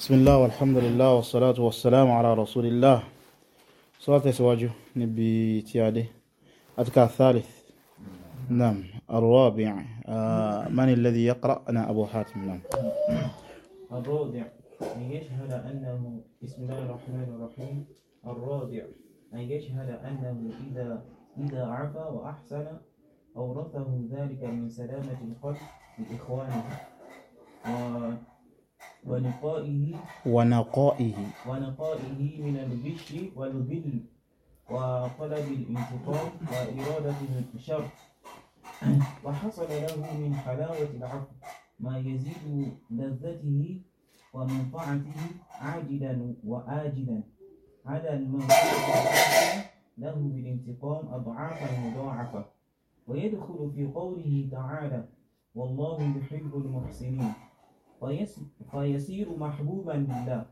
بسم الله والحمد لله والصلاة والسلام على رسول الله صلاة سواجه نبي تيادي أذكى الثالث نعم الرابع آه من الذي يقرأ أنا أبو حاتم نعم الرابع أن يشهد أنه بسم الله الرحمن الرحيم الرابع أن يشهد أنه إذا إذا عفا وأحسن أورثه ذلك من سلامة القلب لإخوانه آه، ونقائه ونقائه ونقائه من الغش والذل وطلب الانتقام وإرادة الشر وحصل له من حلاوة العقل ما يزيد لذته ومنفعته عاجلا وآجلا على المنفعة له بالانتقام أضعافا مضاعفة ويدخل في قوله تعالى والله يحب المحسنين فيصير محبوبا لله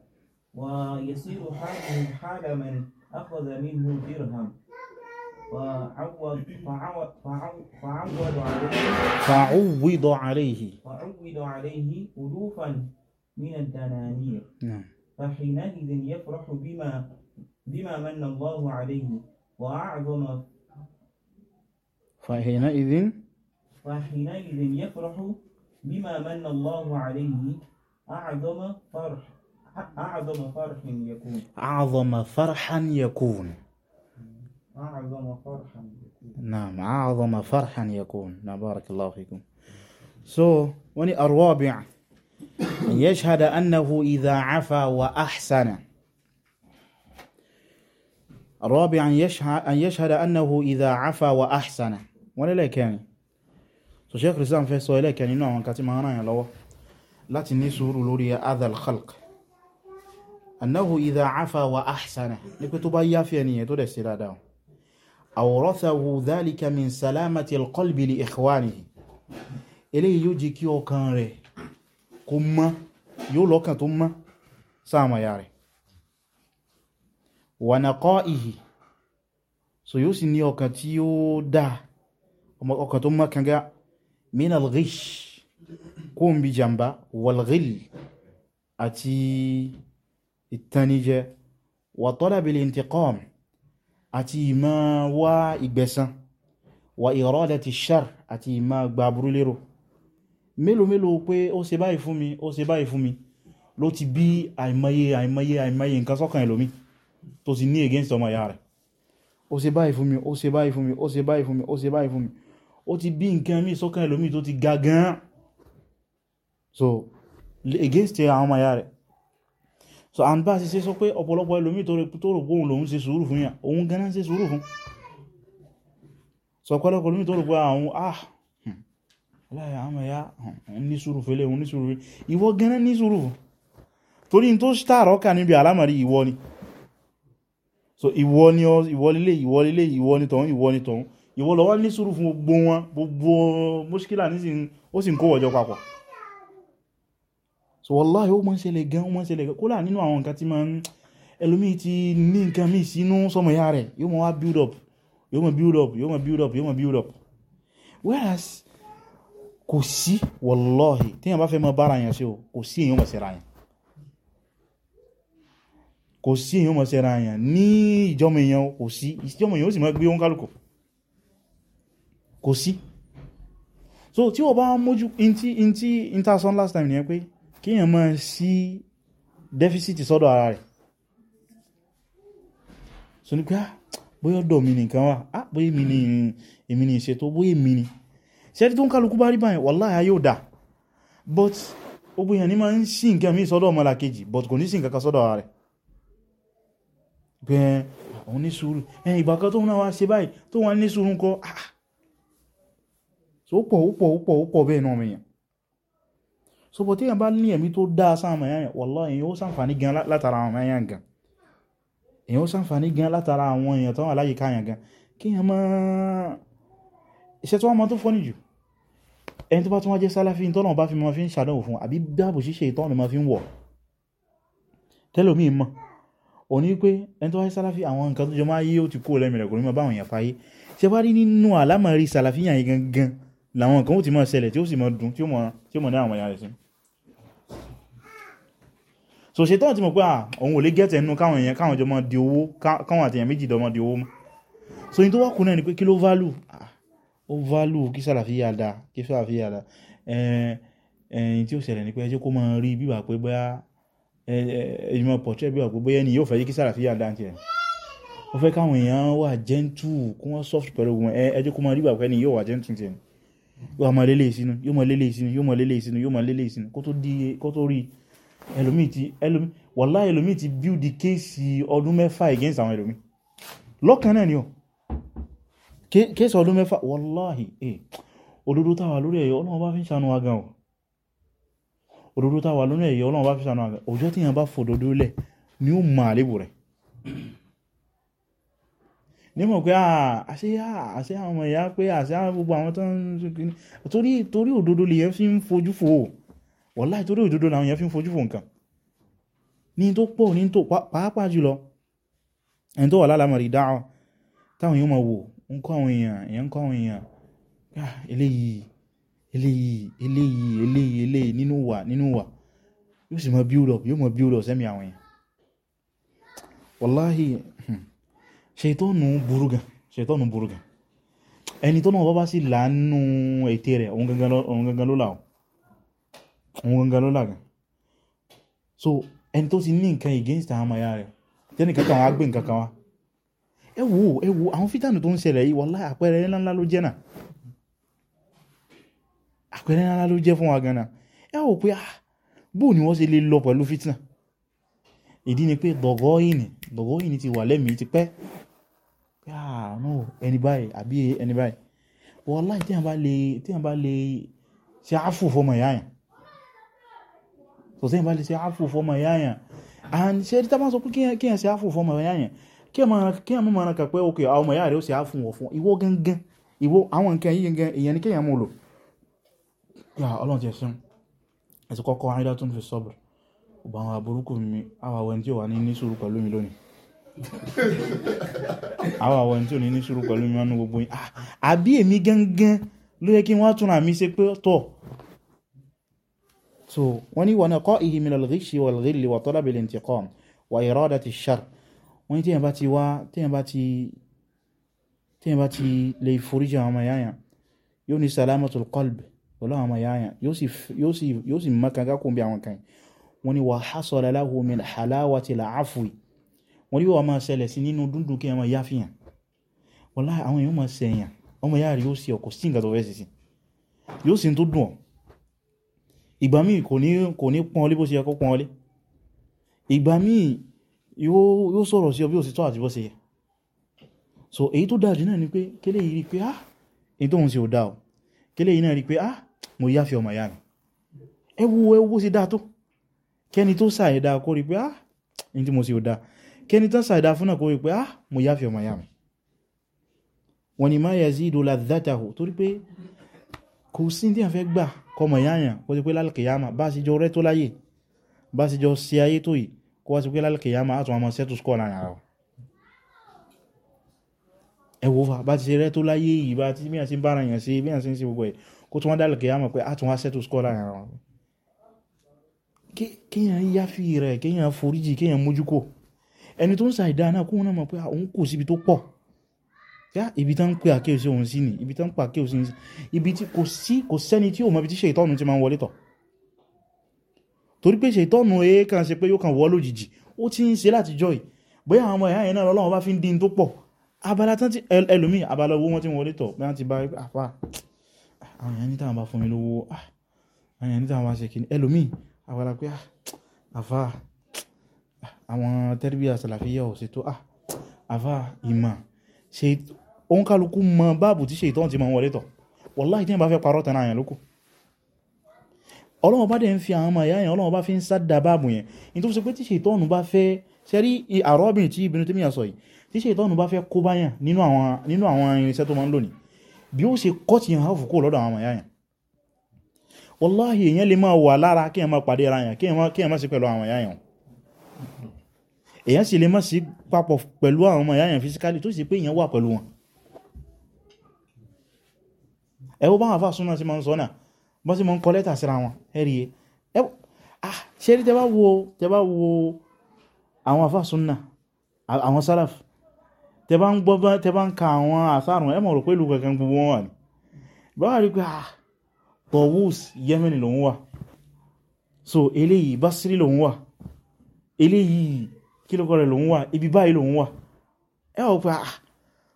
ويصير حاله حال من أخذ منه درهم فعوض فعوض فعوض عليه فعوض عليه فعوض عليه ألوفا من الدنانير نعم فحينئذ يفرح بما بما من الله عليه وأعظم فحينئذ فحينئذ يفرح بما من الله عليه أعظم فرح أعظم فرح يكون أعظم فرحا يكون أعظم فرحا يكون نعم أعظم فرحا يكون نعم بارك الله فيكم So, وني الرابع أن يشهد أنه إذا عفا وأحسن الرابع أن يشهد, أن يشهد أنه إذا عفا وأحسن ولا لا كان يعني. so sheikh islam fẹ́ sọ ẹlẹ́kẹ́ nínú àwọn kan tí ma ràn yàn lọ́wọ́ láti ní sùúrù lórí adal khalq annahu idha afa wa ahsana ní pé tó bá yáfí ẹniyàn tó dẹ̀ sí dáadáa awrathahu dhalika min salamati alqalbi li ikhwanihi eléyìí yóò jí kí ọkàn rẹ̀ kó mọ́ yóò lọ́kàn tó mọ́ sáàmà yà rẹ̀ wa naqaihi so yóò sì ní ọkàn tí ó dáa ọkàn tó mọ́ kanga min al-ghish kó ń bí jàmbá wal-ghil àti ìtanijẹ wa talab al-intiqam àti ìmá wá ìgbẹ̀san wa iradati ash-shar àti ìmá gba burú lérò mélòó mélòó pé ó ṣe báyìí fún mi ó ṣe báyìí fún mi ló ti bí àìmọye àìmọye àìmọye nǹkan sọ́kàn ẹlòmí tó ti ní against ọmọ ìyá rẹ̀ ó ṣe báyìí fún mi ó ṣe báyìí fún mi ó ṣe báyìí fún mi ó ṣe báyìí fún mi ó ti bí nǹkan mí sọ́kàn ẹlòmí tó ti ga gan so against àwọn ọmọ ya rẹ̀ so and bá ṣe sọ pé ọ̀pọ̀lọpọ̀ ẹlòmí tó rò bóhun lòun ṣe sùúrù fún yà òun gan ṣe sùúrù fún so ọ̀pọ̀lọpọ̀ ẹlòmí tó rò pé àwọn ah láyà àwọn ya ní sùúrù fẹ́lẹ̀ òun ní sùúrù fẹ́lẹ̀ ìwọ gan ní sùúrù fún torí tó tààrọ́ kà níbi àlámàrí ni so ìwọ ni ìwọ lílé ìwọ lílé ìwọ ni tọ̀hún ìwọ ni tọ̀hún ìwọ ló wà ní sùúrù fún gbogbo wọn gbogbo mọ́ṣíkílà nísìn ó sì ń kó ọjọ́ papọ̀ so wallahi ó mọ́ ń ṣẹlẹ̀ gan ó mọ́ ń ṣẹlẹ̀ gan kó láà nínú àwọn nǹkan tí máa ń ẹlòmíì ti ní nǹkan míì sínú sọmọ ya rẹ̀ yóò mọ́ wá build up yóò mọ́ build up yóò mọ́ build up yóò mọ́ build up whereas kò sí wallahi tí yàn bá fẹ́ mọ́ bára yàn sí o kò sí èyàn mọ̀ sẹ́ra yàn kò sí èyàn mọ̀ sẹ́ra yàn ní ìjọmọ̀ èyàn kò sí ìjọmọ̀ èyàn ó sì mọ́ gbé wọn kò sí so tí o bá mójú in tí in last time nìyẹn pé kíyàn máa sí deficit sọ́dọ̀ ara rẹ̀ so ní pé ah bóyá ọ̀dọ̀ mi nìkan wà ah bóyá èmi ni èmi ni ìṣètò bóyá èmi ni ṣẹ́rí tó ń kálukú bá rí báyìí wàláhà yóò dà but ogun èèyàn ní máa ń sí nǹkan míì sọ́dọ̀ ọmọlà kejì but kò ní sí nǹkan kan sọ́dọ̀ ara rẹ̀ pé àwọn ah, ní sùúrù ẹ̀yìn ìgbà kan tó ń náà wá ṣe báyìí tó wà ní sùúrù ń kọ́ ah so ó pọ̀ ó pọ̀ ó pọ̀ bẹ́ẹ̀ náà mẹ́yàn so bọ̀ tí yàn bá ní ẹ̀mí tó dáa sáàmà yàn wallahi gan látara àwọn èyàn gan èyàn ó sàǹfàní gan látara àwọn èyàn tó wà láyé gan kí yàn máa iṣẹ́ tó wà máa tó fọ́nì jù ẹni tó bá tún wá jẹ́ sálàfí tọ́nà bá fi máa fi ń ṣàdánwò fún àbí dáàbò ṣíṣe ìtọ́nà máa fi ń wọ̀ tẹ́lòmí mọ̀ òní pé ẹni tó wáyé sálàfí àwọn nǹkan tó jọ máa yé ó ti kó lẹ́mìnà kò ní máa báwọn èèyàn fáyé làwọn kan ó ti máa ṣẹlẹ̀ tí ó sì máa dùn tí ó mọ̀ ní àwọn ìyá rẹ̀ sí so ṣe tán ti mọ̀ pé àwọn olè gẹ́tẹ̀ nínú káwọn èèyàn káwọn jọmọ di owó káwọn àti èèyàn méjì dọmọ di owó mọ́ so yí tó wá kù náà ni pé kí ló value ó value kí sàlàfíà dá kí sàlàfíà dá ẹ̀yìn tí ó ṣẹlẹ̀ ni pé ẹjẹ́ kó máa rí bíbà pé bóyá ìmọ̀ pọ̀tẹ́ bíbà pé bóyá ni yóò fẹ́ yí kí sàlàfíà dá tiẹ̀ ó fẹ́ káwọn èèyàn wà gentle kó wọ́n soft pẹ̀lú ẹjẹ́ kó máa rí bíbà pé ni yóò wà gentle tiẹ̀ yóò ma lele sínú yóò ma lélẹ̀ sínú yóò ma lélẹ̀ sínú yóò di kó tó elomi ti elomi wala elomi ti build the case against awon elomi lọ́kàn ni o case ọdún mẹ́fà wàláhì ẹ̀ eh, òdodo táwà fi wa gan ọ̀ òdodo táwà lórí fi ń agan wa gan ọjọ́ tí ni ó mọ nímọ̀ pé àṣẹ ah, àṣẹ ah, àwọn ìyá pé àṣẹ àwọn gbogbo àwọn tó ń torí torí òdodo lè yẹn fi ń fojú fò wọ́láì torí òdodo làwọn yẹn fi ń fojú fò nǹkan ní tó pọ̀ ní tó pàápàá jùlọ ẹni tó wà lálàmọ̀rí dáhọ táwọn yóò máa wò ń kọ́ àwọn èèyàn èèyàn ń kọ́ àwọn èèyàn ah, eléyìí eléyìí eléyìí eléyìí eléyìí nínú wà nínú wà yóò sì máa build up yóò máa build up sẹ́mi àwọn èèyàn wọ́láì ṣètọ́nù burú gan ṣètọ́nù burú gan ẹni tó náà bá bá sí láàánú ètè rẹ̀ òun gangan ló là òun gangan ló là gan so ẹni tó ti ní nǹkan against àwọn ọmọya rẹ̀ tẹ́nì kankan wá gbé nǹkan kan wá ẹ wò ẹ wò àwọn fítànù tó ń ṣẹlẹ̀ yìí wàlá àpẹẹrẹ ńláńlá ló jẹ́ náà àpẹẹrẹ ńláńlá ló jẹ́ fún wa gan náà ẹ pé ah bóò ni wọ́n ṣe lè lọ pẹ̀lú fítnà ìdí ni pé dọ̀gọ́ ìní ti wà lẹ́mìí ti pẹ́ yaa no ẹni abi àbí ẹni báyìí wallahi tí a bá lè ṣe afu fọmọ yáyàn so tí a bá lè ṣe for fọmọ yáyàn and ṣe rí tàbá sọ pé kí for ṣe áfù fọmọ yáyàn kí ẹ mọ́ mọ́ra kàpẹ́ òkè àwọn ọmọ yáà rẹ̀ ó ṣe wọ̀ gangan ìwọ àwọn nǹkan yìí gangan ya ni kéèyàn mú lò yà ọlọ́run ti kọ́kọ́ fi sọ́bùrù àwọn mi tí ó wà ní ní sùúrù mi lónìí àwọn àwọn tí ò ní ní sùúrù pẹ̀lú mi wọnú gbogbo yìí ah, àbí èmi gangan ló yẹ kí wọ́n tún àmì ṣe pé tọ̀ so wọ́n ní wọ́n kọ́ ìhì min al-ghishi wal-ghilli wa talab al-intiqam wa iradati ash-sharr wọ́n ní tíyàn bá ti wá tíyàn bá ti lè foríjì àwọn ọmọ yáyàn yóò ní salamatul qalb pẹ̀lú àwọn ọmọ yáyàn yóò sì mọ́kànká kún bí àwọn kan wọ́n ní wa hasala lahu min halawati al wọ́n yóò máa ṣẹlẹ̀ sí nínú dúndùn kí ẹ máa yáfihàn wọ́lá àwọn èèyàn máa ṣẹ̀yàn ọmọ yára rí ó sì ọkọ̀ sí nǹkan tó fẹ́ sí sí yóò sì tó dùn ọ́ ìgbà míì kò ní kò ní pọ́n ọlé bó ṣe yẹ kó ọlé ìgbà míì yóò sọ̀rọ̀ sí ọ bí ó sì tọ́ àti bó ṣe yẹ so èyí tó dájú náà ni pé kélé yìí rí pé ah èyí tóun ṣe ò dá o kélé yìí náà rí pé ah mo yáfi ọmọ ìyá mi ẹ wo ẹ wo bó ṣe dá tó kẹ́ni tó ṣàyẹ̀dá kó rí pé ah èyí tí mo ṣe ò dá kẹni tán sàdá fún náà kó ah mo yáfi ọmọ yá mi wọ́n ni ma yazidu ladhatahu torí pé kò sí tí a fẹ́ gbà kọmọ yáyàn kó ti pé lálkìyàmà bá sì jọ rẹ́ tó láyé bá sì jọ sí ayé tó yìí kó wá sí pé lálkìyàmà àtún àmọ́ settle score láàrin ara ẹwọ́ fà bá rẹ̀ kéèyàn foríjì kéèyàn mójúkò ẹni tó ń sa ìdá náà kóhun náà mọ̀ pé ah, òun kò síbi tó pọ̀ yá ibi tán ń pè àkíyèsí òun sí ni ibi tán ń pè àkíyèsí òun sí ibi tí kò sí kò sẹ́ni tí ò mọ̀ ibi tí ṣètọ́nù ti máa ń wọlé tọ̀ torí pé ṣètọ́nù èé kan ṣe pé yóò kàn wọ́ lójijì ó ti ń ṣe láti jọ́ yìí bóyá àwọn ọmọ ẹ̀yà yẹn náà lọ́lọ́wọ́ bá fi ń dín tó pọ̀ abala tán ti ẹlòmíì abala owó wọn ti wọlé tọ̀ bí wọ́n ti bá àfà ah, àwọn èèyàn ní táwọn bá fún mi lówó ah, àwọn èèyàn ní táwọn bá ṣe kìíní ẹlòmíì abala pé àfà àwọn tẹ́rìbíyà sàlàfíyà ò ṣètò ah àfà ìmọ̀ ṣe òun kálukú mọ báàbù tí ṣe ìtọ́n ti mọ wọlé tọ̀ wọláì tí wọ́n bá fẹ́ parọ́ tán àyàn lókù ọlọ́wọ́ bá dẹ̀ ń fi àwọn ọmọ ìyá yẹn ọlọ́wọ́ bá fi ń sádà báàbù yẹn ní tó sọ pé tí ṣe ìtọ́nù bá fẹ́ ṣẹ́rí àrọ́bìnrin tí Ibn Taymiyyah sọ yìí tí ṣe ìtọ́nù bá fẹ́ kó báyàn nínú àwọn irinṣẹ́ tó máa ń lò ní bí ó ṣe kọ́ ti hàn fòkó lọ́dọ̀ àwọn ọmọ yẹn wọláì èèyàn lè máa wà lára kí ẹ máa pàdé ara yẹn kí ẹ máa ṣe pẹ̀lú àwọn ìyá yẹn èyàn sì lè má sí papọ̀ pẹ̀lú àwọn ọmọ ìyáyàn fisikali tó sì pé èyàn wà pẹ̀lú wọn ẹwọ́ bá wọn fà súnmọ́ sí ma ń sọ́nà bọ́n sí ma ń síra wọn ẹ̀rí ẹwọ́ ṣe rí tẹbá wo ah, tẹbá wo àwọn afá súnà àwọn sálàf tẹbá ń gbọ́ tẹbá ń ka àwọn àsárùn ẹmọ̀ rò pẹ̀lú kankan gbogbo wọn wà ní báwà rí pé ah tọ̀wọ́s Yemen lòun wà so eléyìí Basri lòun wà eléyìí kí ló kọ́rẹ̀ lòun wà ibi báyìí lòun wà ẹ wọ́n pẹ́ àà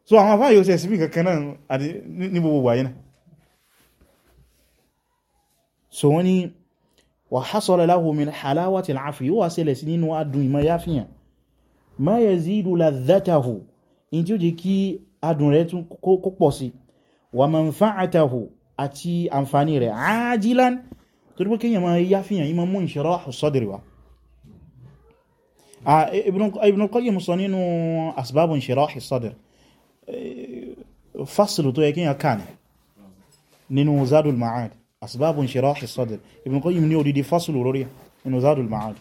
so àwọn afá yóò sẹ̀sí bí kankan náà ní gbogbo wáyé náà so wọ́n ni wà hasala lahu min halawati al-afi yóò sí nínú adùn ìmọ̀ yáfihàn ma yazidu ladhatahu in tí ó jẹ́ kí adùn rẹ̀ tún kó pọ̀ sí wa manfa'atahu àti àǹfààní rẹ̀ ajilan torí pé yáfihàn yí mú inshirahu sadri Ah, Ibn Qayyim sọ nínú asbábùn shirahi sadr eh, fásìlù tó yẹ kí yàn kàní nínú zadul ma'ad asbábùn shirahi sadr Ibn Qayyim ní odidi fásìlù lórí nínú zadul ma'ad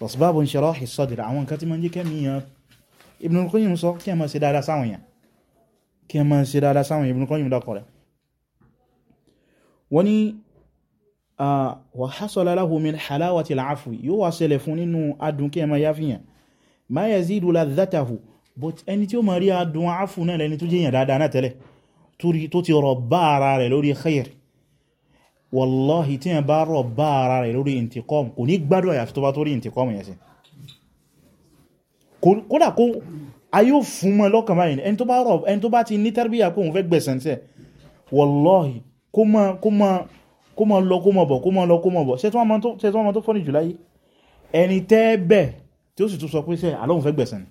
asbábùn shirahi sadr àwọn nǹkan tí jí kẹ́míyàn Ibn Qayyim sọ kí a máa ṣe sáwọn yàn kí a máa ṣe dáadáa sáwọn Ibn Qayyim dákọ̀rẹ̀ wa hasala lahu min halawati al-afwi yóò wá ṣẹlẹ̀ fún nínú adùn kí ẹ máa yáfihàn ma yazidu ladhatahu but ẹni tí ó máa rí adùn afu náà lẹni tó jẹ́yàn dáadáa náà tẹ́lẹ̀ tó ti rọ̀ bá ara rẹ̀ lórí khair wallahi tí ẹ bá rọ̀ bá ara rẹ̀ lórí intiqam kò ní gbádùn àyàfi tó bá tó rí intiqam yẹn sí kódà kó a yóò fún mọ́ lọ́kàn báyìí ẹni tó bá ti ní tarbiyya kóhun fẹ́ gbẹ̀sẹ̀ wallahi kó máa kó mọ lọ kó mọ bọ̀ kó mọ lọ kó mọ bọ̀ ṣe tí wọ́n mọ tó fọ́nì jù láyé ẹni tẹ́ bẹ̀ tí ó sì tún sọ pé sẹ́ àlóhun fẹ́ gbẹ̀sẹ̀ ni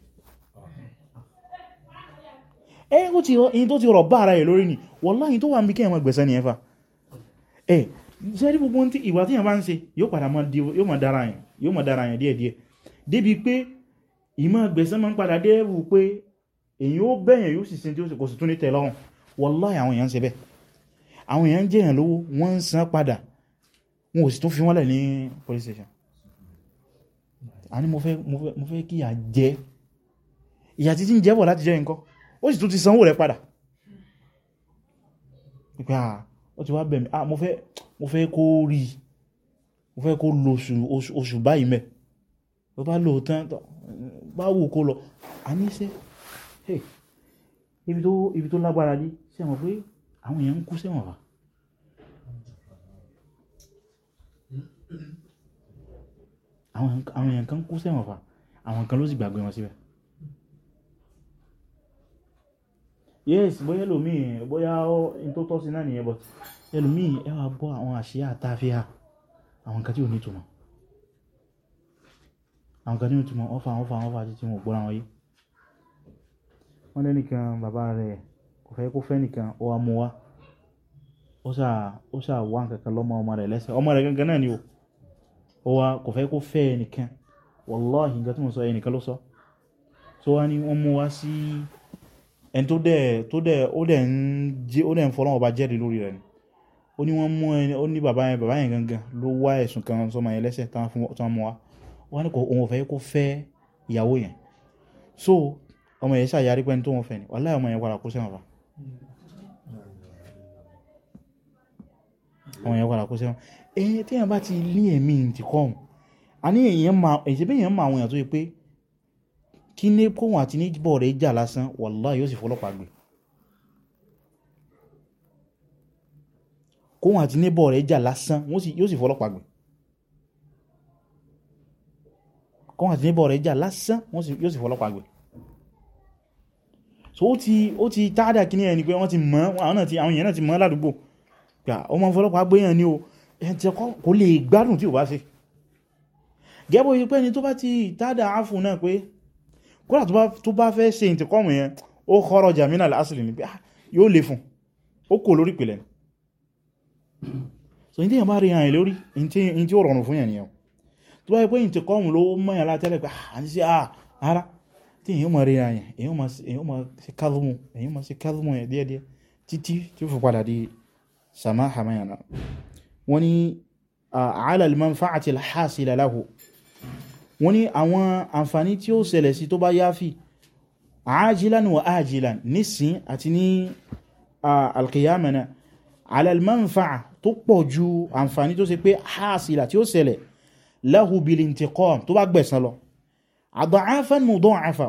ẹ ó ti yìí tó ti rọ̀ bá ara ẹ̀ lórí ni wallahi tó wà ń bí kẹ́ ẹ̀mọ̀ gbẹ̀sẹ̀ ni ẹfà ẹ ṣe rí gbogbo tí ìwà tí yàn bá ń ṣe yóò padà mọ́ dára yàn yóò mọ́ dára yàn díẹ̀díẹ̀ débi pé ìmọ̀ gbẹ̀sẹ̀ máa ń padà dé ẹ̀wù pé èyí ó bẹ̀yàn yóò sì sin tí ó sì kò sì tún ní tẹ̀lọ́rùn wallahi àwọn èèyàn ń ṣe bẹ́ẹ̀ àwọn èèyàn ń jẹ́yàn lówó wọ́n ń san padà wọn ò sì tún fi wọ́n lẹ̀ ní police station a ní mo fẹ́ mo fẹ́ kí ìyà jẹ ìyà títí ń jẹ́bọ̀ láti jẹ́ nǹkan ó sì tún ti sanwó rẹ̀ padà ìpẹ́ à ó ti wá bẹ̀mí à mo fẹ́ mo fẹ́ kó rí mo fẹ́ kó lo oṣù báyìí mẹ́ tó bá lò tán bá wù kó lọ a ní sẹ́ ibi tó lágbára dé sí pé àwọn èèyàn ń kú sẹ́wọ̀n wa àwọn èèyàn kan kú sẹ́wọ̀n fa àwọn kan ló sì gbàgbé wọn síbẹ̀ yes bóyá ẹlòmíì bóyá in tó tọ́ sí náà nìyẹn but ẹlòmíì ẹ wá bọ́ àwọn àṣíyà àtàfíà àwọn kan tí ò ní ìtumọ̀ àwọn kan tí ò ní ìtumọ̀ ọfà ọfà ọfà títí wọn gbọ́ra wọn yé wọ́n lẹ́nìkan bàbá rẹ̀ kò fẹ́ kó fẹ́ nìkan ó wá mú wá ó sà wá nǹkankan lọ́mọ ọmọ rẹ̀ lẹ́sẹ̀ ọmọ rẹ̀ gangan náà ni o ó wá kò fẹ́ kó fẹ́ nìkan wàláhì nǹkan tí mo sọ ẹnìkan ló sọ tó wá ní wọ́n mú wá sí ẹni tó dẹ̀ tó dẹ̀ ó dẹ̀ ń jẹ́ ó dẹ̀ ń fọlọ́wọ́ bá jẹ́rìí lórí rẹ̀ ni ó ní wọ́n mú ẹni ó ní bàbá yẹn bàbá yẹn gangan ló wá ẹ̀sùn kan sọmọ yẹn lẹ́sẹ̀ tán mú wá wọ́n ní kò òun ò fẹ́ kó fẹ́ ìyàwó yẹn so ọmọ yẹn yari pẹ́ni tó wọn fẹ́ ni wàláhì ọmọ yẹn padà kó sẹ́wọ̀n fa àwọn èèyàn padà kó sẹ́wọ̀n ẹ̀yẹ tí èèyàn bá ti ní ẹ̀mí ti kọ́hùn a ní èèyàn ma ẹ̀ṣẹ́ bẹ́yàn ma àwọn èèyàn tó yẹ pé kí ní kóhùn àti ní bọ̀ rẹ̀ jà lásán wàláhì yóò sì fọlọ́pàá gbé kóhùn àti ní bọ̀ rẹ̀ jà lásán yóò sì fọlọ́pàá gbé kóhùn àti ní bọ̀ rẹ̀ jà lásán yóò sì fọlọ́pàá gbé so ó ti ó ti táàdà kí ní ẹni pé wọ́n ti mọ̀ àwọn èèyàn náà ti mọ̀ ládùúgbò gbà ọmọ ọlọ́pàá gbéyàn ní o ẹ̀ntẹ̀ kò lè gbádùn tí ò bá sí gẹ́bọ̀ yìí pé ẹni tó bá ti táàdà áfù náà pé kódà tó bá fẹ́ ṣe ìtìkọ́mù yẹn ó kọ́rọ̀ jamina lásìlì ní pé yóò lè fún ó kò lórí pìlẹ̀ so ní tíyàn bá rí àyìn lórí ní tí ó rọrùn fún yẹn nìyẹn tó bá yẹ pé ìtìkọ́mù ló mọ́yàn látẹ́lẹ̀ pé à ń sí à rárá tí èyàn mọ̀ ríra yẹn èyàn mọ̀ sí kálùmù èyàn mọ̀ sí kálùmù yẹn díẹ̀díẹ̀ títí tí ó fi padà di samaha mayana wọ́n ni ala al-manfa'ati al-hasila lahu wọ́n ni àwọn àǹfààní tí ó ṣẹlẹ̀ sí tó bá yáfi ajilan wa ajilan nísìn àti ní alqiyamana ala al-manfa'a tó pọ̀ ju àǹfààní tó ṣe pé hasila tí ó ṣẹlẹ̀ lahu bil tó bá gbẹ̀san lọ àdọ̀áfẹ́ mọ̀dọ̀ àfà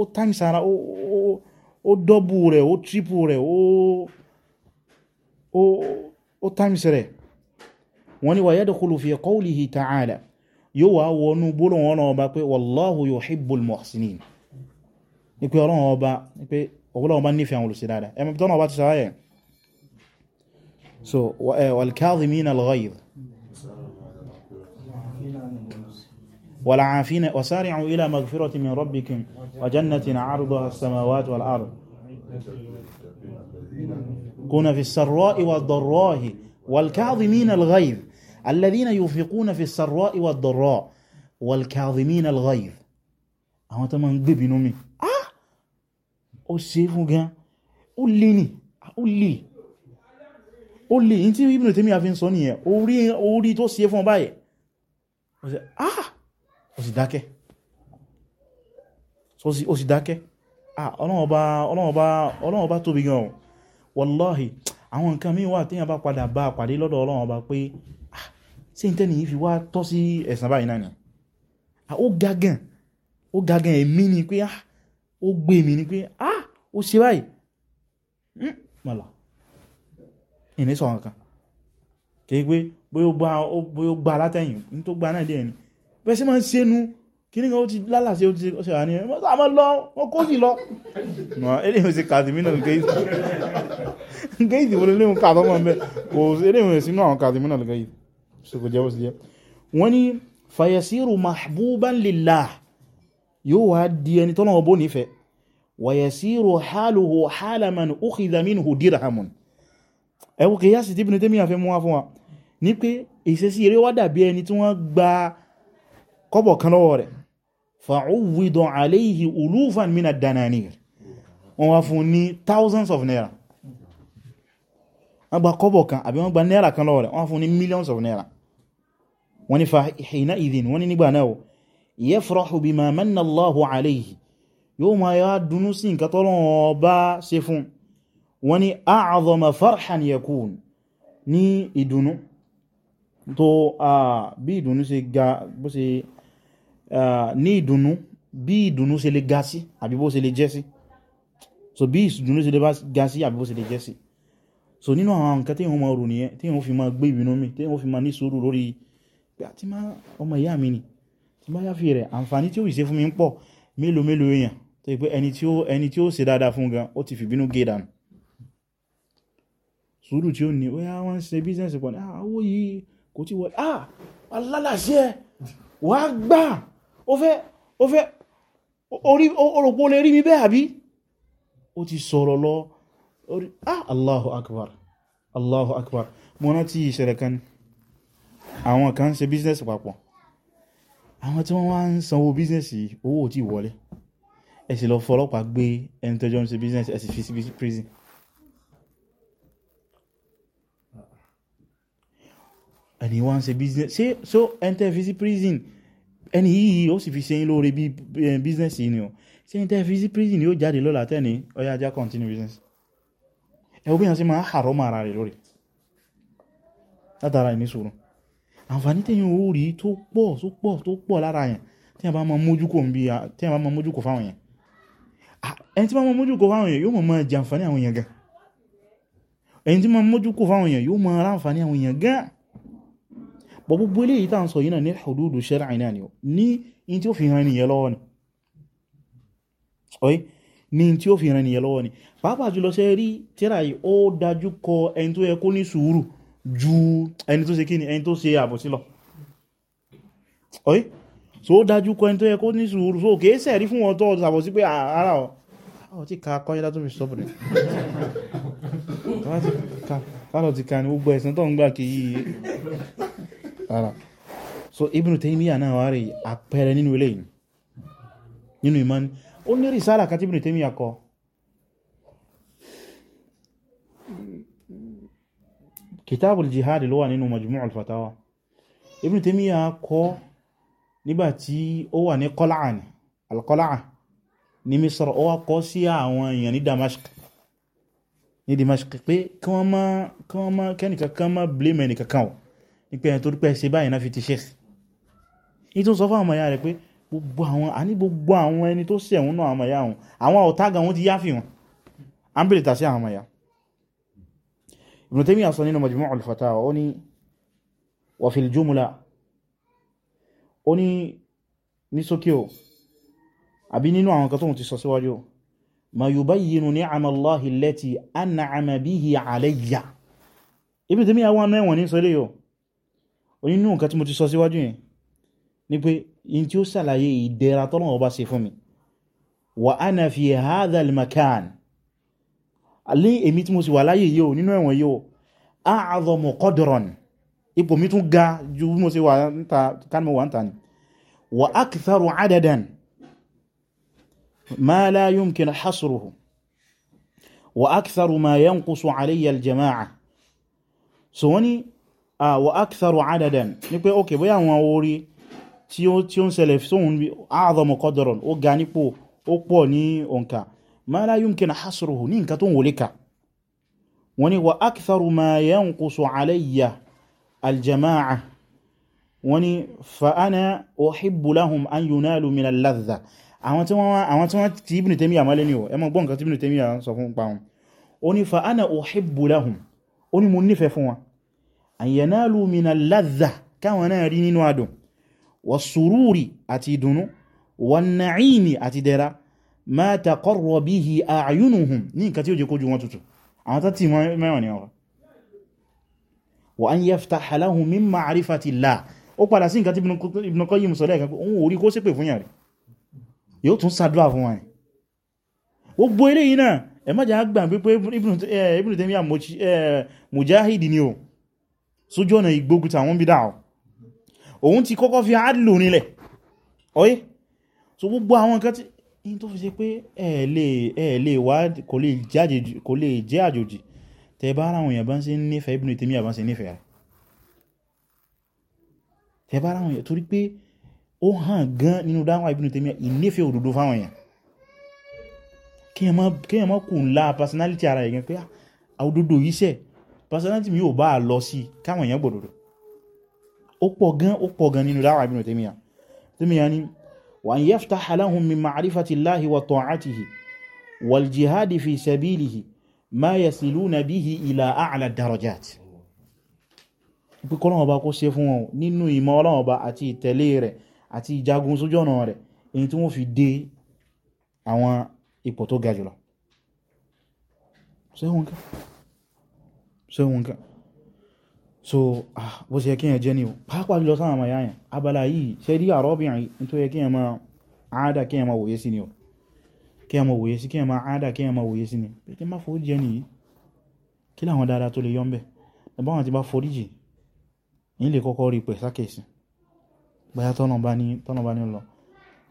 ó táìsára ó dọ́bù rẹ̀ ó trípù rẹ̀ ó táìsì rẹ̀ wọ́n ni wà yadkhulu fi qawlihi ta'ala yóò wá wọnú gbólóhùn ọ̀nà ọba pé wallahu yuhibbul muhsinin ní pé ọlọ́run ọba ní pé ọgbọ́lọ́run ọba nífẹ̀ẹ́ àwọn olùsí dáadáa ẹmọ tọ́nà ọba ti sáyẹ̀ so eh, wal kadhimina al ghayz والعافين وسارعوا إلى مغفرة من ربكم وجنة عرضها السماوات والأرض كون في السراء والضراء والكاظمين الغيظ الذين يوفقون في السراء والضراء والكاظمين الغيظ àwọn tó máa ń أه bínú mi ah ó ṣe fún gan ó lè ní ó lè ó lè yí tí Ibn o si dákẹ́ A sì ọlọ́run ọba tóbi gan wallahi àwọn nǹkan míì wà téèyàn bá padà bá pàdé lọ́dọ̀ ọlọ́run ọba pé sí ní tẹ́ni yìí fi wá tọ́ sí ẹ̀sán báyìí náà ni ó gagan ó gagan ẹ̀mí ni pé ó gbé mi ni pé ó ṣe báyìí mọ́lá hmm, ìní sọ̀rọ̀ kan látẹ̀yìn tó náà bẹ́ẹ̀ sí máa ń sẹ́nu kìíní kan ó ti lálàsí ó ti ṣe wà ní ẹ̀ mọ́sá àmọ́ lọ wọ́n kó sì lọ eléyìn sí kàtìmínà gẹ́ìdì wọlé léhun kàtọ́mọ̀ mẹ́ kò eléyìn sínú àwọn kàtìmínà gẹ́ìdì so kò jẹ́ bó sì jẹ́ wọ́n ní fayasiru mahbuban lillah yóò wá di ẹni tọ́nà ọbọ̀ nífẹ̀ẹ́ wayasiru haluhu halaman ukhidha minhu dirhamun ẹwọ́ kìí yá sí tí Ibn Taymiyyah fẹ́ mú wá fún wa ní pé ìṣesí eré wá dàbí ẹni tí wọ́n gba kọ́bọ̀ kan lọ́wọ́ rẹ̀ fa'uwido alayhi ulufan min ad-dananir wá fún ní thousands of naira wọ́n gba kọ́bọ̀ kan àbí wọ́n gba naira kan lọ́wọ́ rẹ̀ wọ́n fún ní millions of naira wọ́n ní fa hina idhin wọ́n ní nígbà náà yafrahu bima manna Allahu alayhi yóò máa yá dunú sí nǹkan tọ́lọ́wọ́ bá ṣe fún wọ́n ga bó ṣe Ah, ní ìdùnnú bí ìdùnnú ṣe lè ga sí àbí bó ṣe lè jẹ́ sí so bí ìdùnnú ṣe lè ga sí àbí bó ṣe lè jẹ́ sí so nínú àwọn nǹkan tí wọ́n máa rò nìyẹn tí wọ́n fi máa gbé ìbínú mi tí wọ́n fi máa ní sùúrù lórí pé àti máa ọmọ ìyá mi ni tí máa yáfi rẹ̀ àǹfààní tí ó ìṣe fún mi ń pọ̀ mélòó mélòó èèyàn tó yẹ pé ẹni tí ó ṣe dáadáa fún gan ó ti fìbínú gé e dànù sùúrù tí ó ní ó yá wọ́n ṣe bísẹ̀nsì pọ̀ ní àwọ̀ yìí kò tí wọ́n ah alálàṣẹ́ wàá gbà Ofe, Ofe, ó fẹ́ orògbó lè mi be àbí ó ti sọ̀rọ̀ lọ orí ah Allahu Akbar Allahu Akbar mo rántí ìṣẹ̀lẹ̀ kan àwọn kan ṣe business papọ̀ àwọn tí wọ́n wá ń sanwó business yìí owó tí wọlé ẹ sì lọ fọlọ́pàá gbé ẹni tọ́jọ́ ń ṣe business ẹ sì fi sí prison ẹni wá ń ṣe business see so enter visit prison ẹni yìí ó sì fi ṣe yín lóore bí eh, business yìí ni o ṣe ń tẹ́ fi sí prison ni ó jáde lọ́la tẹ́ni ọya ajá continue business ẹ wo bí yàn sí máa hàrọ́ mọ́ ara rẹ̀ lórí látara ìníṣòro àǹfààní tẹ́yìn owó rí tó pọ̀ tó pọ̀ tó pọ̀ lára yẹn tí a bá máa mójú kò ń bí tí a bá máa mójú kò fáwọn yẹn ẹni tí máa máa mójú kò fáwọn yẹn yóò máa jẹ àǹfààní àwọn yẹn gan ẹni tí máa mójú kò fáwọn yẹn yóò máa ra àǹfààní àwọn yẹn gan bọ̀ gbogbo ilé yìí tàn sọ yìí náà ní hududu shar'i náà ni ó ní in tí ó fi hàn nìyẹn lọ́wọ́ ni ọ̀yí ní in tí ó fi hàn nìyẹn lọ́wọ́ ni pàápàá jùlọ ṣe rí tíra yìí ó dájú kọ ẹni tó yẹ kó ní sùúrù ju ẹni tó ṣe kíni ẹni tó ṣe àbòsí lọ ọ̀yí so ó dájú kọ ẹni tó yẹ kó ní sùúrù so kìí sẹ̀rí fún wọn tó àbòsí pé ara ọ̀ ọ̀ tí ka kọ́yẹ́dá tó fi sọ́bùrẹ̀ kálọ̀ ti ka ní gbogbo ẹ̀sìn tó ń gbà kìí rárá so Ibn Taymiyyah náà wà rí àpẹẹrẹ nínú ilé yìí nínú ìmán ó ní rìsáàlà kàtí Ibn Taymiyyah kọ kitabul jihad ló wà nínú majmu'ul fatawa Ibn Taymiyyah kọ nígbàtí ó wà ní kọláà ní alkọláà ní Misr ó wá kọ sí àwọn èèyàn ní Damashq ní Damashq pé kí wọ́n má kẹ́nìkankan má blame ẹnìkankan wọ́n nípé ẹni tó rí pé ṣe báyìí náà fi ti ṣe ní tó sọ fún àwọn ọmọ rẹ̀ pé gbogbo àwọn àní gbogbo àwọn ẹni tó ṣẹ̀wọ̀n náà àmọ̀yá wọn àwọn ọ̀tá wọn ti yáfì wọn a ń bèèrè tàṣí àwọn ọmọya Ibn Taymiyyah sọ nínú Majmu' al ó ní wa fil ó ní ní sókè o àbí nínú àwọn kan tóhun ti sọ síwájú ma yubayyinu ni'ama Allahi allati an'ama bihi alayya Ibn Taymiyyah wà náà wọ̀n ní sọ onínú nǹkan tí mo ti sọ síwájú yẹn ni pé in tí ó sàlàyé ìdẹ̀ra tọ́lọ́run ọba ṣe fún mi wa ana fi hadha al-makan alé èmi tí mo sì wà láyé yóò nínú ẹ̀wọ̀n yóò a'zamu qadran ipò mi tún ga ju bí mo ṣe wà ń ta ni wa aktharu adadan ma la yumkin hasruhu wa aktharu ma yanqusu alayya al-jama'a so wani wa aktharu adadan ní pé ok bóyá àwọn orí tí ó ń ṣẹlẹ̀ sóhun bí a'dhamu qadran ó ga nípò ó pọ̀ ní òǹkà ma la yumkin hasruhu ní nǹkan tó ń wòlé ka wọ́n ni wa aktharu ma yanqusu alayya aljama'a wọ́n ni fa ana uhibbu lahum an yunalu min al-ladha àwọn tí wọ́n ti Ibn Taymiyyah àmọ́lé ni ó ẹmọ gbọ́n kan tí Ibn Taymiyyah sọ fún pa wọn ó ní fa ana uhibbu lahum ó ní mo nífẹ̀ẹ́ fún wọn an yanalu minal ladha káwọn náà rí nínú adùn was-sururi àti ìdùnnú wan-na'imi àti dẹ̀ra ma taqarra bihi a'yunuhum ní nǹkan tí ó jẹ́ kójú wọn tutù àwọn tàbí mẹ́wàá ni ọ̀rọ̀ wa an yaftaha lahum min ma'rifatillah ó padà sí nǹkan tí Ibn Qayyim sọ lẹ́ẹ̀kan pé òun orí kó ṣépè fún yàrí yóò tún sàdúrà fún wọn gbogbo eléyìí náà ẹ̀mọ́jà gbà pípé eh, Ibn Taymiyyah Mujahid ni o sójú ọ̀nà ìgbóguta àwọn bídá ọ̀ òun ti kọ́kọ́ fi àádìlò nílẹ̀ ọ̀yẹ́ so gbogbo àwọn nǹkan tí in tó fi ṣe pé ẹ̀ẹ̀lẹ̀ wà kò lè jẹ́ àjòjì tẹ bá ara àwọn èèyàn bá ń ṣe nífẹ̀ẹ́ Ibn Taymiyyah bá ń ṣe nífẹ̀ẹ́ rẹ̀ tẹ bá ara àwọn èèyàn personality mi ò bá lọ sí káwọn èèyàn gbòdòdó ó pọ̀ gan ó pọ̀ gan nínú dáwà Ibn Taymiyyah Taymiyyah ni wa an yaftaha lahum min ma'rifati Allahi wa ta'atihi wal jihadi fi sabilihi ma yasiluna bihi ila a'la darajat pé kọ́lọ́wọ́ bá kó ṣe fún wọn nínú ìmọ̀ Ọlọ́run bá àti ìtẹ̀lé rẹ̀ àti ìjagun sójú ọ̀nà rẹ̀ èyí tí wọ́n fi dé àwọn ipò tó ga jùlọ sẹ́wọ̀n ká so wọn kan so ah bó ṣe yẹ kí yẹn jẹ́ ní o pàápàá lọ sáwọn àmà yáyàn abala yìí ṣe rí àrọ́bìnrin tó yẹ kí yẹn máa àádà kí yẹn máa wòye sí ni o kí yẹn máa wòye sí kí yẹn máa àádà kí yẹn máa wòye sí ni pé kí n má fò jẹ nìyí kí làwọn dáadáa tó lè yọ ń bẹ̀ ẹ̀bọ́n àti bá foríjì ní lè kọ́kọ́ rí pẹ̀ sákèsì báyá tọ́nà bá ní tọ́nà bá ní lọ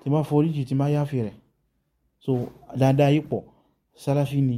tí bá foríjì tí bá yáfì rẹ̀ so dáadáa yìí pọ̀ sálàfí ni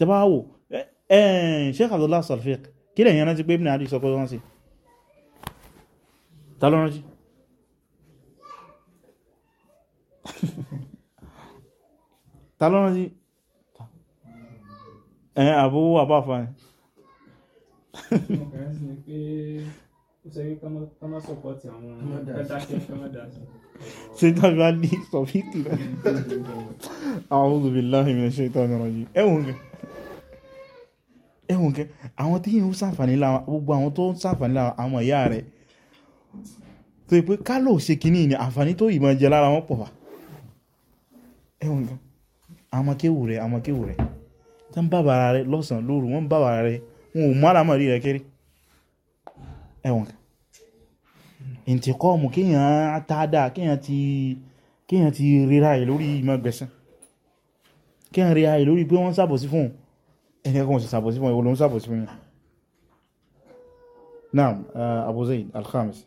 tẹbáwò ẹ̀ẹ̀n Sheikh Abdullah Salfiq kí lẹ̀yìn rántí pé Ibn Adi sọ pé wọ́n sí ta ló rántí ta ló rántí ẹ̀yìn àbú àbáfà ni Satan bá ní Salfiq lọ. A'udhu billahi minash shaitani rajim. Ẹ̀wọ̀n gan ẹwùn kẹ àwọn tí yíò sàǹfàní lára gbogbo àwọn tó sàǹfàní lára àwọn ìyá rẹ̀ tó yí pé kálò ṣe kìíní ní àǹfàní tó ìmọ̀ jẹ lára wọn pọ̀fà ẹwùn kẹ àmọ́kéwù rẹ̀ àmọ́kéwù rẹ̀ tán bàbára rẹ̀ lọ́sàn lóru wọ́n bàbára rẹ̀ wọn ò mọ́ra mọ̀ rí rẹ̀ kéré ẹwùn kẹ ìntìkọ́ọ̀mù kéèyàn tàádà kéèyàn ti ríra ẹ̀ lórí ìmọ̀ gbẹ̀sán kéèyàn ríra ẹ̀ lórí pé هنا إيه، يقوم أبو زيد يقول موسى أبو زيد نعم آه، أبو زيد الخامس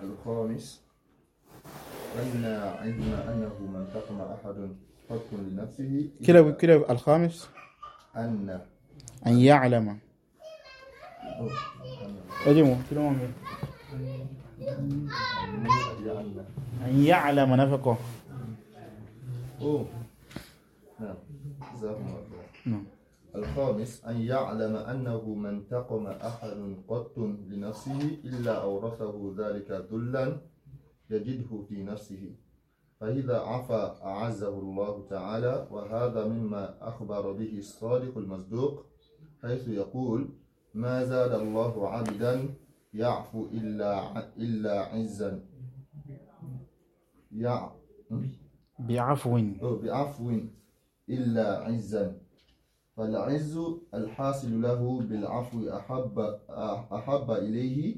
الخامس أن عندنا أنه من تقم أحد حق لنفسه كلا كلا الخامس أن أن يعلم أجمو كلا أن يعلم نفقه نعم. نعم. الخامس أن يعلم أنه ما انتقم أحد قط لنفسه إلا أورثه ذلك ذلا يجده في نفسه فإذا عفا أعزه الله تعالى وهذا مما أخبر به الصادق المصدوق حيث يقول ما زاد الله عبدا يعفو إلا إلا عزا يعفو بعفو بعفو إلا عزا فالعز الحاصل له بالعفو أحب, أحب إليه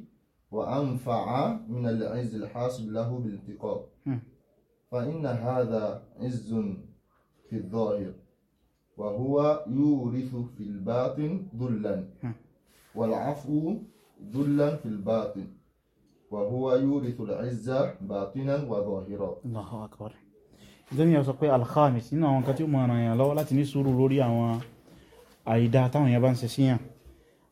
وأنفع من العز الحاصل له بالانتقام فإن هذا عز في الظاهر وهو يورث في الباطن ذلا والعفو ذلا في الباطن وهو يورث العزة باطنا وظاهرا الله أكبر dẹ́mìyàn sọ pé alhamis nínú àwọn nǹkan tí ó mọ̀ ara yàn lọ́wọ́ láti ní sùúrù lórí àwọn àìdá táwọn èèyàn bá ń ṣe síyàn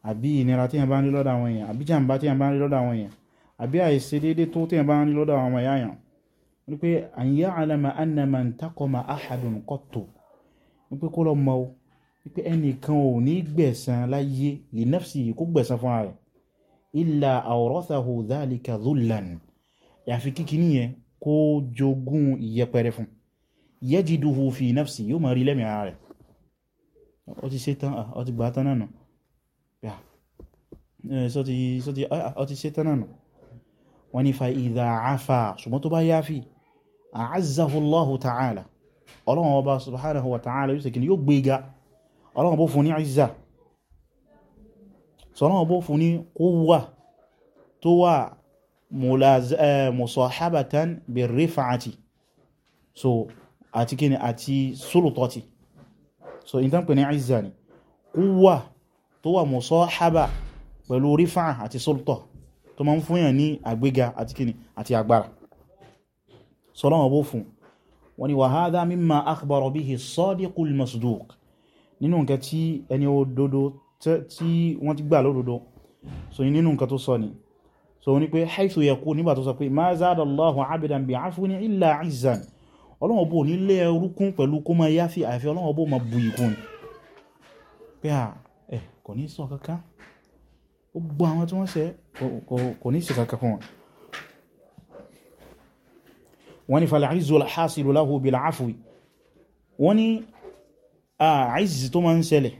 àbí ìnira tí èèyàn bá ń rí lọ́dọ̀ àwọn èèyàn àbí jàǹbá tí èèyàn bá ń rí lọ́dọ̀ àwọn èèyàn àbí àìṣe déédé tó tí èèyàn bá ń rí lọ́dọ̀ àwọn èèyàn yàn wípé an ya'lama anna man taqama ahadun qattu wípé kó lọ mọ o wípé ẹnìkan ò ní gbẹ̀san láyé li nafsihi kó gbẹ̀san fúnra rẹ̀ illa awrathahu dhalika dhullan yàfi kíkiní yẹn kó jogún ìyẹpẹrẹ fún yajiduhu fi nafsi yóò máa rí lẹ́mìíra rẹ̀ ó ti ṣetán ó ti gbà tán náà ó ti ṣetán náà wọ́n ni fa idha afa ṣùgbọ́n tó bá yáfi a'azzahu Allahu ta'ala ọlọ́run ọba subhanahu wa ta'ala yóò sẹ̀kì ni yóò gbéga ọlọ́run bó fún ní àìzà so àti kíni àti sólùtọ́tì so in tán pè ní izza ni kúwà tó wà musahaba pẹ̀lú rífà àti sólùtọ́ tó ma ń fúnyàn ní àgbéga àti kíni àti agbára sọlọ́wọ́ bó fún wọ́n ni wa hadha mimma akhbara bihi sadiqul masduq nínú nǹkan so nínú nǹkan so ní pé haythu yaqul nígbà tó sọ pé ma zada Allahu ọlọ́wọ́n bò nílé ẹrúkún pẹ̀lú kó máa yáfí àyàfi ọlọ́wọ́n bò máa bu ìkún ni pé à ẹ kò ní sọ kankan ó gbọ́ àwọn tí wọ́n ṣe kò ní sọ kankan fún wọn wọ́n ni falẹ̀ àìzù alhásìlú láhù bìlà áfùwì wọ́n ni àìzì tó máa ń ṣẹlẹ̀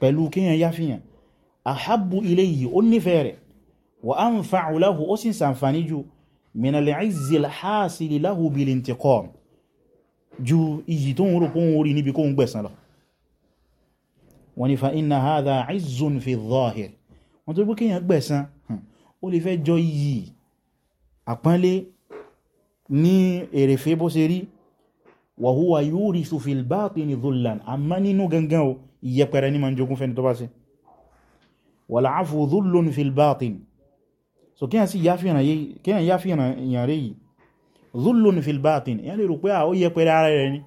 pẹ̀lú kíyàn yáfíyàn àhábù ilé yìí ó nífẹ̀ẹ́ rẹ̀ wọ́n á ń fa àwùláhù ó sì ń sàǹfàní ju minal izzil hasili lahu bil intiqam ju iyì tó ń rò kó ń orí níbi kó ń gbẹ̀san lọ wọ́n ní fa inna hadha izzun fi dhahir wọ́n tó gbé kéèyàn gbẹ̀san ó lè fẹ́ jọ iyì àpọ́nlé ní èrèfé bó ṣe rí wa huwa yurisu fil batini so kíyàn sí yáfíran èyàn rẹ̀ yìí zullun fil batin èyàn lè rò pé ó yẹ pẹ̀lẹ̀ ara rẹ̀ ni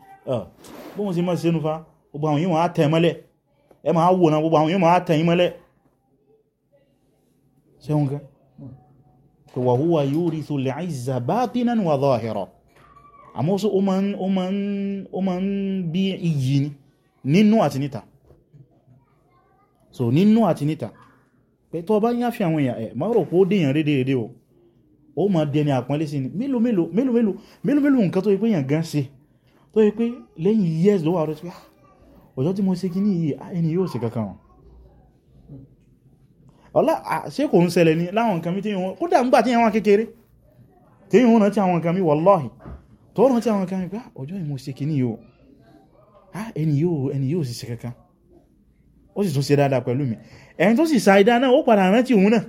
bóhun sí mọ́ sínú fa gbogbo àwọn yíwọ̀n á tẹ̀ mọ́lẹ̀ ẹ ma wò náà gbogbo àwọn yíwọ̀n á tẹ̀ yí mọ́lẹ̀ sẹ́hun kẹ́ wa huwa yurithu pé tó bá yá fi àwọn èèyàn ẹ̀ má rò pé ó dèèyàn rédè rédè o ó máa di ẹni àpọ́nlé sí ni mélòó mélòó mélòó mélòó mélòó nǹkan tó yẹ pé èèyàn gan ṣe tó yẹ pé lẹ́yìn years ló wà rẹ̀ pé ah, ọjọ́ tí mo ṣe kíní yìí ah, ẹni yóò ṣe kankan o ọlá mi wọn kódà wọn kékeré mi tó àwọn nǹkan mi pé ah, ọjọ́ ó sì tún ṣe dáadáa pẹ̀lú mi ẹni tó sì ṣàìdá náà ó padà rántí òun náà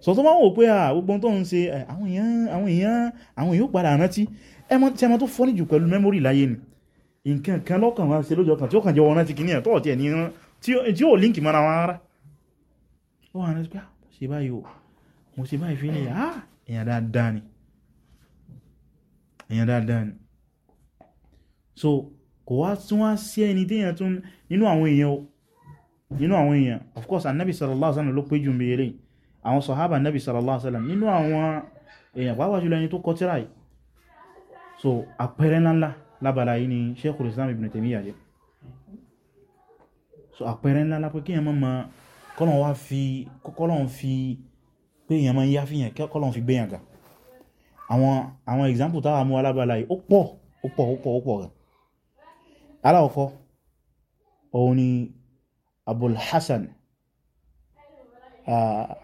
so tó máa wò pé à gbogbo tó ń ṣe àwọn èèyàn àwọn èèyàn àwọn èèyàn ó padà rántí ẹmọ tí a máa tó fọ́nì jù pẹ̀lú mẹ́mórì láyé ni nǹkan kan lọ́kàn wá ṣe lójọ kan tí ó kàn jẹ́ wọn rántí kìíní ẹ̀tọ́ ọ̀tí ẹ̀ní tí ó líǹkì mọ́ra wọn rárá ó wà rántí pé mo ṣe báyìí o mo ṣe báyìí fi ní à èèyàn dáadáa ni èèyàn dáadáa ni so kò wá tún wá sí ẹni téèyàn tún nínú àwọn èèyàn o nínú àwọn èèyàn of course anabi sallallahu alaihi wasallam ló pé jù mí eré àwọn sahaba anabi sallallahu alaihi wasallam nínú àwọn èèyàn pàápàá jùlọ ẹni tó kọ tírà yìí so àpẹẹrẹ ńláńlá lábala yìí ni sheikhul islam ibn Taymiyyah jẹ́ so àpẹẹrẹ ńlá lápẹ́ kí èèyàn mọ́ kọ́lọ̀n wá fi kọ́lọ̀n fi pé èèyàn mọ́ yá fihàn kọ́lọ̀n fi gbéyàn ga àwọn àwọn example táwà mú alábàlá yìí ó pọ̀ ó pọ̀ ó pọ̀ ó pọ̀ rẹ̀ aláwọ̀kọ́ òun ni abul hassan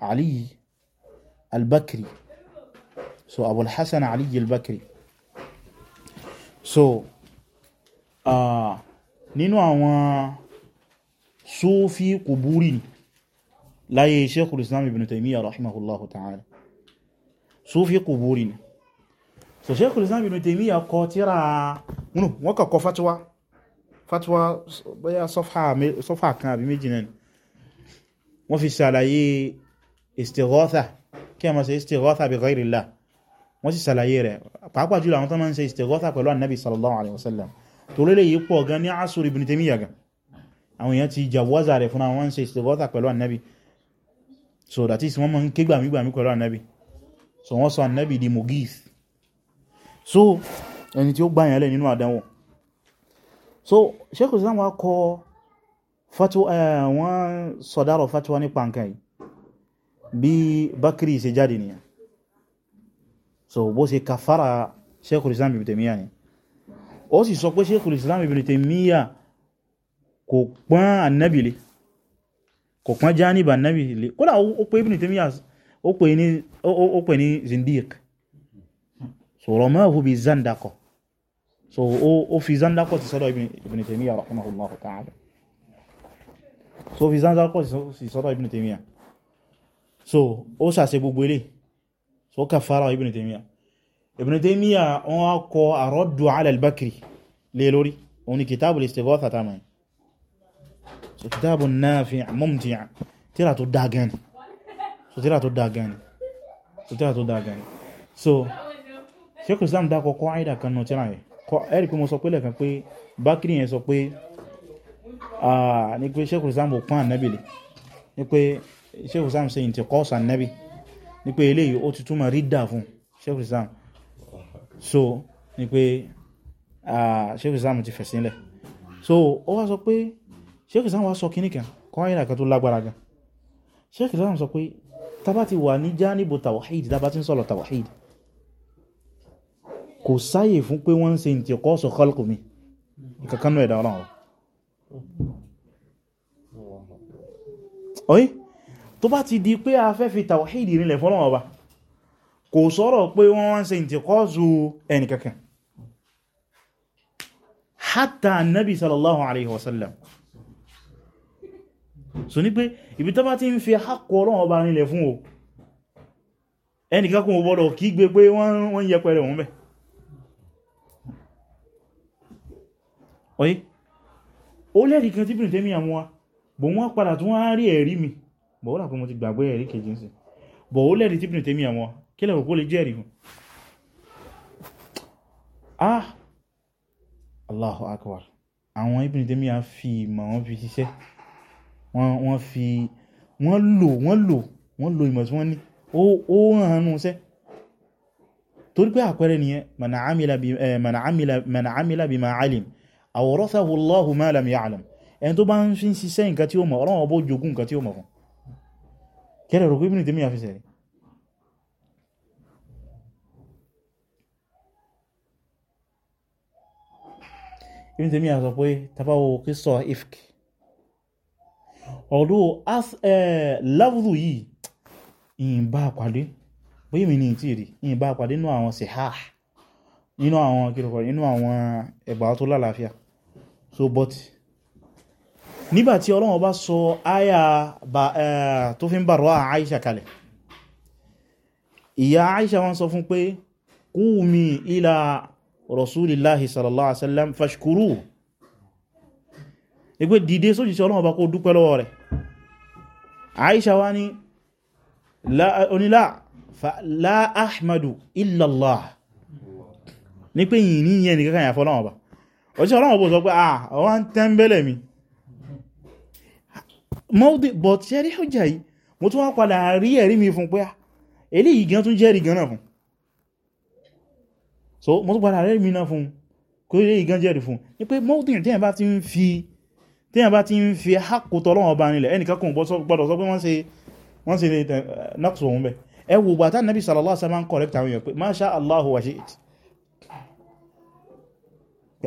ali uh, so abul hassan ali albakri so uh, nínú àwọn sufi kuburi ni láyé sheikhul islam ibn taymiyyah rahimahullahu ta'ala sufi kuburi so sheikhul islam ibn taymiyyah kọ tírà wọ́n kà fatuwa fatwa bóyá sọ́fà kan àbí méjì náà wọ́n fi ṣàlàyé istighatha kí a máa ṣe istighatha bi ghayrillah wọ́n sì ṣàlàyé rẹ̀ pàápàá jùlọ àwọn tó máa ń ṣe istighatha pẹ̀lú annabi sallallahu alaihi wasallam tó lélẹ̀ yìí pọ̀ gan ní asur ibn Taymiyyah gan àwọn èèyàn ti jàwọ́zà rẹ̀ fún àwọn ṣe istighatha pẹ̀lú annabi so that is wọ́n máa ń ẹni tí ó gbàyàn nínú àdánwò so sheikh islam wa kọ fatwa eh, wọn sọ̀dárọ̀ fatwa nípa nǹkan yìí bí bakiri ṣe jáde nìyà so bó ṣe kàfàrà sheikh islam ibn taymiya ni ó si sọ pé sheikh islam ibn taymiya kò pán annabi lè kò pán jánibà annabi lè kódà ó pé ibn taymiya ó pè ní zindiq so ramahu bi zandakọ̀ so ó fi zanla kọ̀ sí sọ́dọ̀ Ibn Taymiyyah rahimahullahu ta'ala so fi zanla kọ̀ sí sọ́dọ̀ Ibn Taymiyyah so ó sàṣe gbogbo ilé so ká fara Ibn Taymiyyah Ibn Taymiyyah wọ́n á kọ àrọ́dù ala al-Bakri lè lórí òun ni kìtàbù al-Istighatha tamam so kìtàbù nafi' mumti' tíra tó dá so tíra tó dá so tíra tó dá so Sheikh Islam dákọ̀ kọ́ àìdà kan náà tíra ẹ̀rì pé mo sọ pé lẹ́ẹ̀kan pé bákìrì yẹn sọ pé ní pé sheikh islam pọ́n ànábì lè ní pé sheikh islam ṣe ìntì kọ́ọ̀sì ànábì ní pé eléyìí ó ti túmọ̀ rídà fún sheikh islam so ní pé sheikh islam ti fẹ̀sìn lẹ̀ so ó wá sọ pé sheikh islam wá sọ kíní kan kọ́ ayé kan tó lágbára gan sheikh islam sọ pé tá bá ti wà ní jáníbù tawhid tá ti ń sọ̀rọ̀ tawhid kò sáyè fún pé wọ́n ń ṣe ìtì ọkọ́ ọ̀sọ̀ kọlùkù mi ìkàkánú ẹ̀dà ọlọ́run ọ̀yí tó bá ti di pé a fẹ́ fi tàwàhídì nílẹ̀ fọ́lọ́run ọba kò sọ̀rọ̀ pé wọ́n wọ́n ṣe ìtì ọkọ́ ọ̀sọ̀ ẹnìkankan hatta annabi sallallahu alaihi wasallam so ní pé ọ̀yí ó lẹ́rí kan tí bìrìtẹ́mì àwọn wa bọ̀ wọ́n padà tún wọ́n rí ẹ̀rí mi bọ̀ ó làpọ̀ mo ti gbàgbé ẹ̀rí kejì ń sìn bọ̀ ó lẹ́rí tí bìrìtẹ́mì àwọn wa kí lẹ́rọ kó lè jẹ́ ẹ̀rí fún ah Allahu akbar àwọn ibìrìtẹ́mì à fi ìmọ̀ wọn fi ṣiṣẹ́ torí pé àpẹẹrẹ nìyẹn man amila eh, bima alim awrathahu Allahu ma lam ya'lam ẹni tó bá ń fi ń ṣiṣẹ́ nǹkan tí ó mọ̀ ọlọ́wọ́ bó jogún nǹkan tí ó mọ̀ fún kẹ́rẹ̀ rò pé Ibn Taymiyyah fi sẹ̀rẹ̀ Ibn Taymiyyah sọ pé tabawo qissa ifk ọ̀dọ́ lafdhu yìí ìyìn bá pàdé bóyí mi ní ìtì rí ìyìn bá pàdé nínú àwọn sihah nínú àwọn kìrìkọ̀ tó lálàáfíà so but nígbàtí Ọlọ́run bá sọ àyà tó fi ń bàrọ̀ Àìṣà kalẹ̀ ìyá Àìṣà wọ́n sọ fún pé qumi ila rasulillahi sallallahu alaihi wasallam fashkuru ẹgbẹ́ dìde sójíṣẹ́ Ọlọ́run bá kó dúpẹ́ lọ́wọ́ rẹ̀ Àìṣà wá ní onílá la ahmadu illallah ní pé yìí ní yẹn nìkan yà ọjọ́ ọlọ́wọ́ bó sọ pé ah ọwá ń tẹ́m̀bẹ̀lẹ̀ mi mọ́dé but ṣe rí ọjà yìí mo tún wá padà rí ẹ̀rí mi fún pé ah eléyìí gan tún jẹ́rìí gan náà fún so mo tún padà rí mi náà fún kó eléyìí gan jẹ́rìí fún ní pé mọ́dé tẹ́yàn bá ti ń fi tẹ́yàn bá ti ń fi hákòtọ́ ọlọ́wọ́ bá nílẹ̀ ẹnìkan kò gbọ́dọ̀ eh, sallallahu alaihi wasallam masha Allahu wa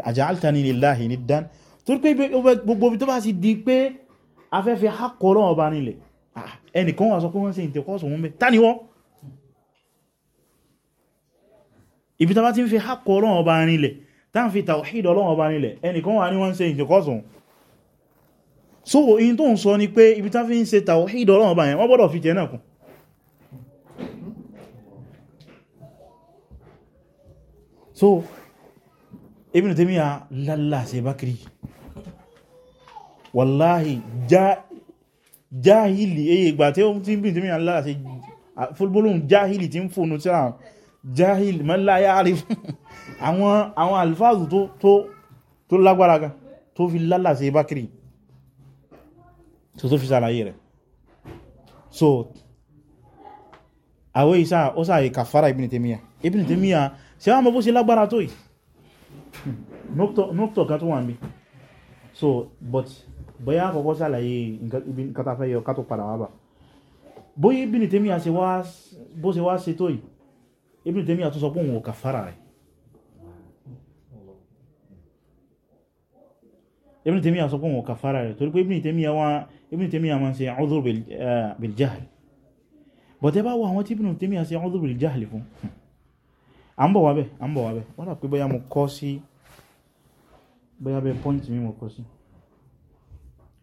àjàáltani lillahi niddan torí pé gbogbo ibi tó bá sì di pé afẹ́fẹ́ hakọ̀ ọlọ́run ọba nílẹ̀ ah, ẹnìkan wà sọ pé wọ́n ṣe ìtẹ̀kọ́sọ̀ wọn bẹ́ tani wọ́n ibi tó bá ti ń fi hakọ̀ ọlọ́run ọba nílẹ̀ tán fi tawhid ọlọ́run ọba nílẹ̀ ẹnìkan wà ní wọ́n ṣe ìtẹ̀kọ́sọ̀ so in tó ń sọ ni pé ibi tán fi ń ṣe tawhid ọlọ́run ọba yẹn wọ́n gbọ́dọ̀ fi jẹ́ náà kùn so Ibn Taymiyyah lallase Bakri wallahi jahili eye ìgbà tí ó ti Ibn Taymiyyah lallase fúlbólóhùn jahili ti ń fònú tí àwọn jahili mọ́lá ya rí àwọn alfáàzù tó lágbára ga tó fi lallase Bakri tó tó fi sàlàyé rẹ̀ so àwẹ́ ìsá ó sáà kàfàrà Ibn Taymiyyah Ibn Taymiyyah ṣe wọ́n mọ́ bó ṣe lágbára tó yìí nọ́pùtọ̀ kan tó wà ní so but bóyá àkọ́kọ́ sàlàyé ibi kata fẹ́ yọ kátó padà wá bà bóyí Ibn Taymiyyah ṣe wá bó ṣe wá ṣe tó yìí Ibn Taymiyyah tó sọ pé òun ò kàfàrà rẹ̀ Ibn Taymiyyah sọ pé òun ò kàfàrà rẹ̀ torí pé Ibn Taymiyyah wá Ibn Taymiyyah máa ń ṣe udhur bil eh, jahl but ẹ bá wọ àwọn tí Ibn Taymiyyah ṣe udhur bil jahl fún hmm à ń bọ̀ wábẹ̀ à ń bọ̀ wábẹ̀ wọ́n dà pé bóyá mo kọ́ sí bóyá bẹ́ pọ́ǹtì mi mo kọ́ sí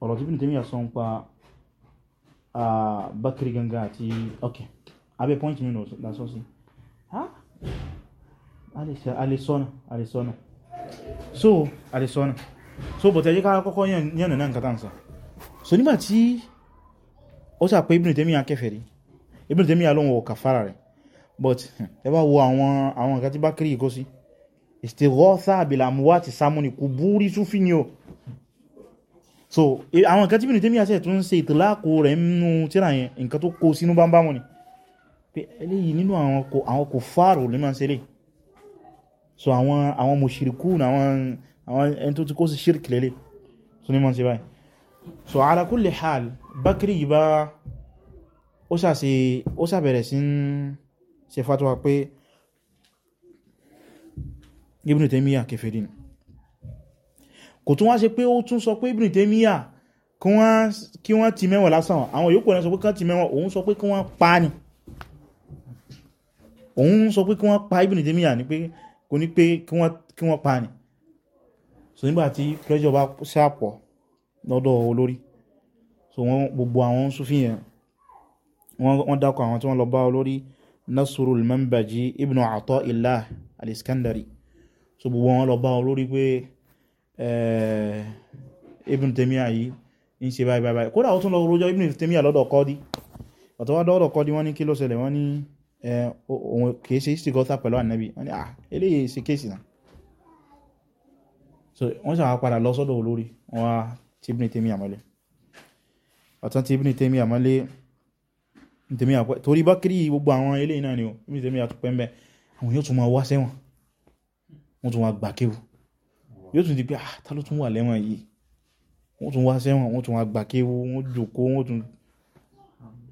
ọ̀rọ̀ tí bí tèmi yà sọ ń pa Bakri Ganga àti ok abẹ́ pọ́ǹtì mi lásán sí alẹ́sọ́nà alẹ́sọ́nà so alẹ́sọ́nà so bọ̀tẹ̀ yíká kọ́kọ́ yẹ̀nà náà nǹkan tánṣà so nígbàtí ó sà pé Ibn Taymiyyah kèfèrí Ibn Taymiyyah lóhun ọ̀kà fara rẹ̀ but ẹ bá wo àwọn àwọn nǹkan tí Bakri kó sí istighatha abilamuwa ti samuni kuburi sufi ni o so àwọn nǹkan tí Ibn Taymiyyah àṣẹ tún ṣe ìtìláàkó rẹ̀ nínú tíra yẹn nǹkan tó kó sínú bámbámọ́ ni pé eléyìí nínú àwọn kò fàárò lè máa ń ṣeré so àwọn àwọn mushirikun àwọn àwọn ẹni tó ti kó sí ṣírkì lélẹ̀ so ní máa ń ṣe báyìí so ala kulli hal Bakri yìí bá ó ṣàbẹ̀rẹ̀ sí ń ṣe fatuwa pe Ibn Taymiyyah kèfèrí ni kò tún wá ṣe pé ó tún sọ pé Ibn Taymiyyah kí wọ́n ti mẹ́wọ̀n lásán àwọn yòókù rẹ̀ sọ pé kán ti mẹ́wọ̀n òun sọ pé kí wọ́n pa ni òun sọ pé kí wọ́n pa Ibn Taymiyyah ni pé kò ní pé kí wọ́n pa ni so nígbàtí pressure bá ṣàpọ̀ lọ́dọ̀ olórí so wọ́n gbogbo àwọn Sufi yẹn wọ́n dákọ̀ àwọn tí wọ́n lọ bá olórí nasrul manbaji ibn ata'illah al-iskandari so gbogbo wọn lọ bá wọn lórí pé eh, ibn taymiya yìí ń ṣe báyìí báyìí kódà ó tún lọ rojọ́ ibn taymiya lọ́dọ̀ kọ́dí ọ̀tọ́ wá lọ́dọ̀ kọ́dí wọ́n ní kí ló ṣẹlẹ̀ wọ́n ní eh, òun kìí ṣe istigọ́ta pẹ̀lú ànábì wọ́n ní à ah, eléyìí ṣe kéèsì náà so wọ́n ṣàwọn padà lọ sọ́dọ̀ olórí wọn ti ibn taymiya mọ́lẹ̀ ọ̀tán ti ibn taymiya mọ́lẹ̀ tèmi àpẹ torí bákírí gbogbo àwọn ilé iná ni o ní tèmi àtúpẹ́ mẹ́ àwọn yóò tún máa wá sẹ́wọ̀n wọ́n tún wá gbà kéwù yóò tún di pé ah ta ló tún wà lẹ́wọ̀n yìí wọ́n tún wá sẹ́wọ̀n wọ́n tún wá gbà kéwù wọ́n jòkó wọ́n tún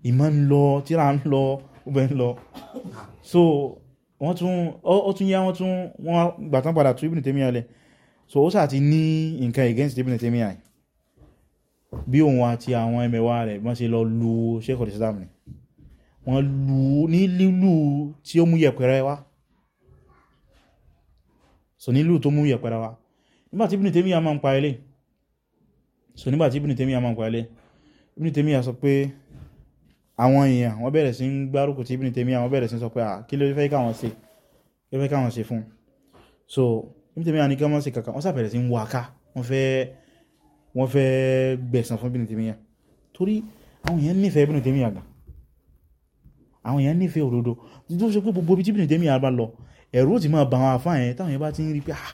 ìmọ̀ ń lọ tíra ń lọ ọbẹ̀ ń lọ so wọ́n tún ó tún yá wọ́n tún wọ́n gbà tán padà tún ibùn tèmi alẹ́ so ó sà ti ní nǹkan against ibùn tèmi alẹ́ bí òun àti àwọn ẹmẹ̀wà rẹ̀ wọ́n ṣe lọ lu Sheikh al ni wọ́n lù ní lílù tí ó mú yẹ̀pẹ̀rẹ̀ wá so nílù tó mú yẹ̀pẹ̀rẹ̀ wá nígbàtí Ibn Taymiyyah máa ń pa ilé so nígbàtí Ibn Taymiyyah máa ń pa ilé Ibn Taymiyyah sọ pé àwọn èèyàn wọ́n bẹ̀rẹ̀ sí ń gbárùkù tí Ibn Taymiyyah wọ́n bẹ̀rẹ̀ sí sọ pé à kí ló fẹ́ káwọn so Ibn Taymiyyah ní kí wọ́n ṣe kankan wọ́n sàbẹ̀rẹ̀ sí ń wà ká wọ́n fẹ́ wọ́n fẹ́ gbẹ̀sán fún Ibn àwọn èèyàn nífẹ̀ẹ́ òdodo tó ṣe pé gbogbo bíbí tèmi àbá lọ ẹ̀rù ti máa bá àwọn àfáà yẹn táwọn yẹn bá ti ń rí pé ah,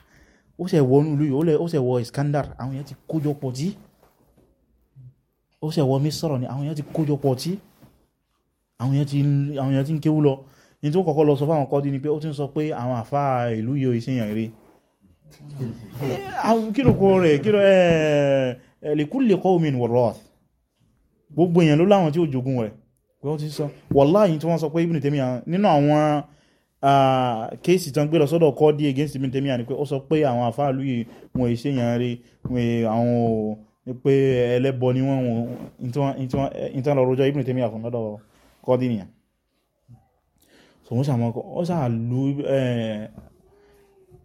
ó ṣe wọnú ìlú yìí ó ṣe wọ Iskandar àwọn èèyàn ti kójọpọ̀ tí ó ṣe wọ mísọ̀rọ̀ ni àwọn èèyàn ti kójọpọ̀ tí àwọn èèyàn ti ń kéwú lọ ní tó kọ́kọ́ lọ sọ fáwọn kọ́ di ni pé ó ti ń sọ pé àwọn àfáà ìlú yìí ìṣẹ́yàn rí kílòkó rẹ̀ kílò eh, eh, gbogbo èèyàn ló láwọn tí ó jogun rẹ̀ wọ́n ti sọ wọ́láyìn tí wọ́n sọ pé Ibn Taymiyyah nínú àwọn kéèsì tán gbé lọ sọ́dọ̀ kọ́ dí against Ibn Taymiyyah ni pé ó sọ pé àwọn àfáàlú yìí wọ́n èsè yàn rí àwọn pé ẹlẹ́bọ ni wọ́n ìtàn lọ rọjọ́ Ibn Taymiyyah fún lọ́dọ̀ kọ́ dí nìyàn so wọ́n sàmọ́kọ́ ó sàlú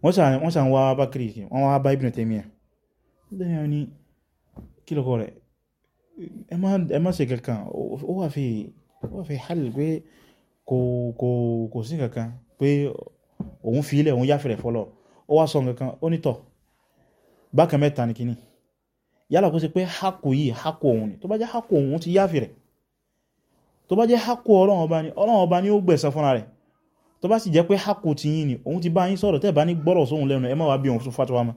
wọ́n sàn wá bá kiri wọ́n wá bá Ibn Taymiyyah lẹ́yìn ní kílọ̀kọ́ rẹ̀ ẹ má ṣe kankan ó wà fi wọ́n fi hàlì pé kò kò kò sí kankan pé òun fi ilẹ̀ òun yáfẹ̀rẹ̀ fọ́lọ̀ ó wá sọ kankan ó nítọ̀ bákan mẹ́ta ní kíní yálà kó sí pé hákò yìí hákò òun ni tó bá jẹ́ hákò òun ti yáfẹ̀rẹ̀ tó bá jẹ́ hákò ọlọ́run ọba ni ọlọ́run ọba ni ó gbẹ̀san fúnra rẹ̀ tó bá sì jẹ́ pé hákò ti yín ni òun ti bá yín sọ̀rọ̀ tẹ́ẹ̀ bá ní gbọ́rọ̀ sóhun lẹ́nu ẹ má wá bí òun fún fatuwa mọ́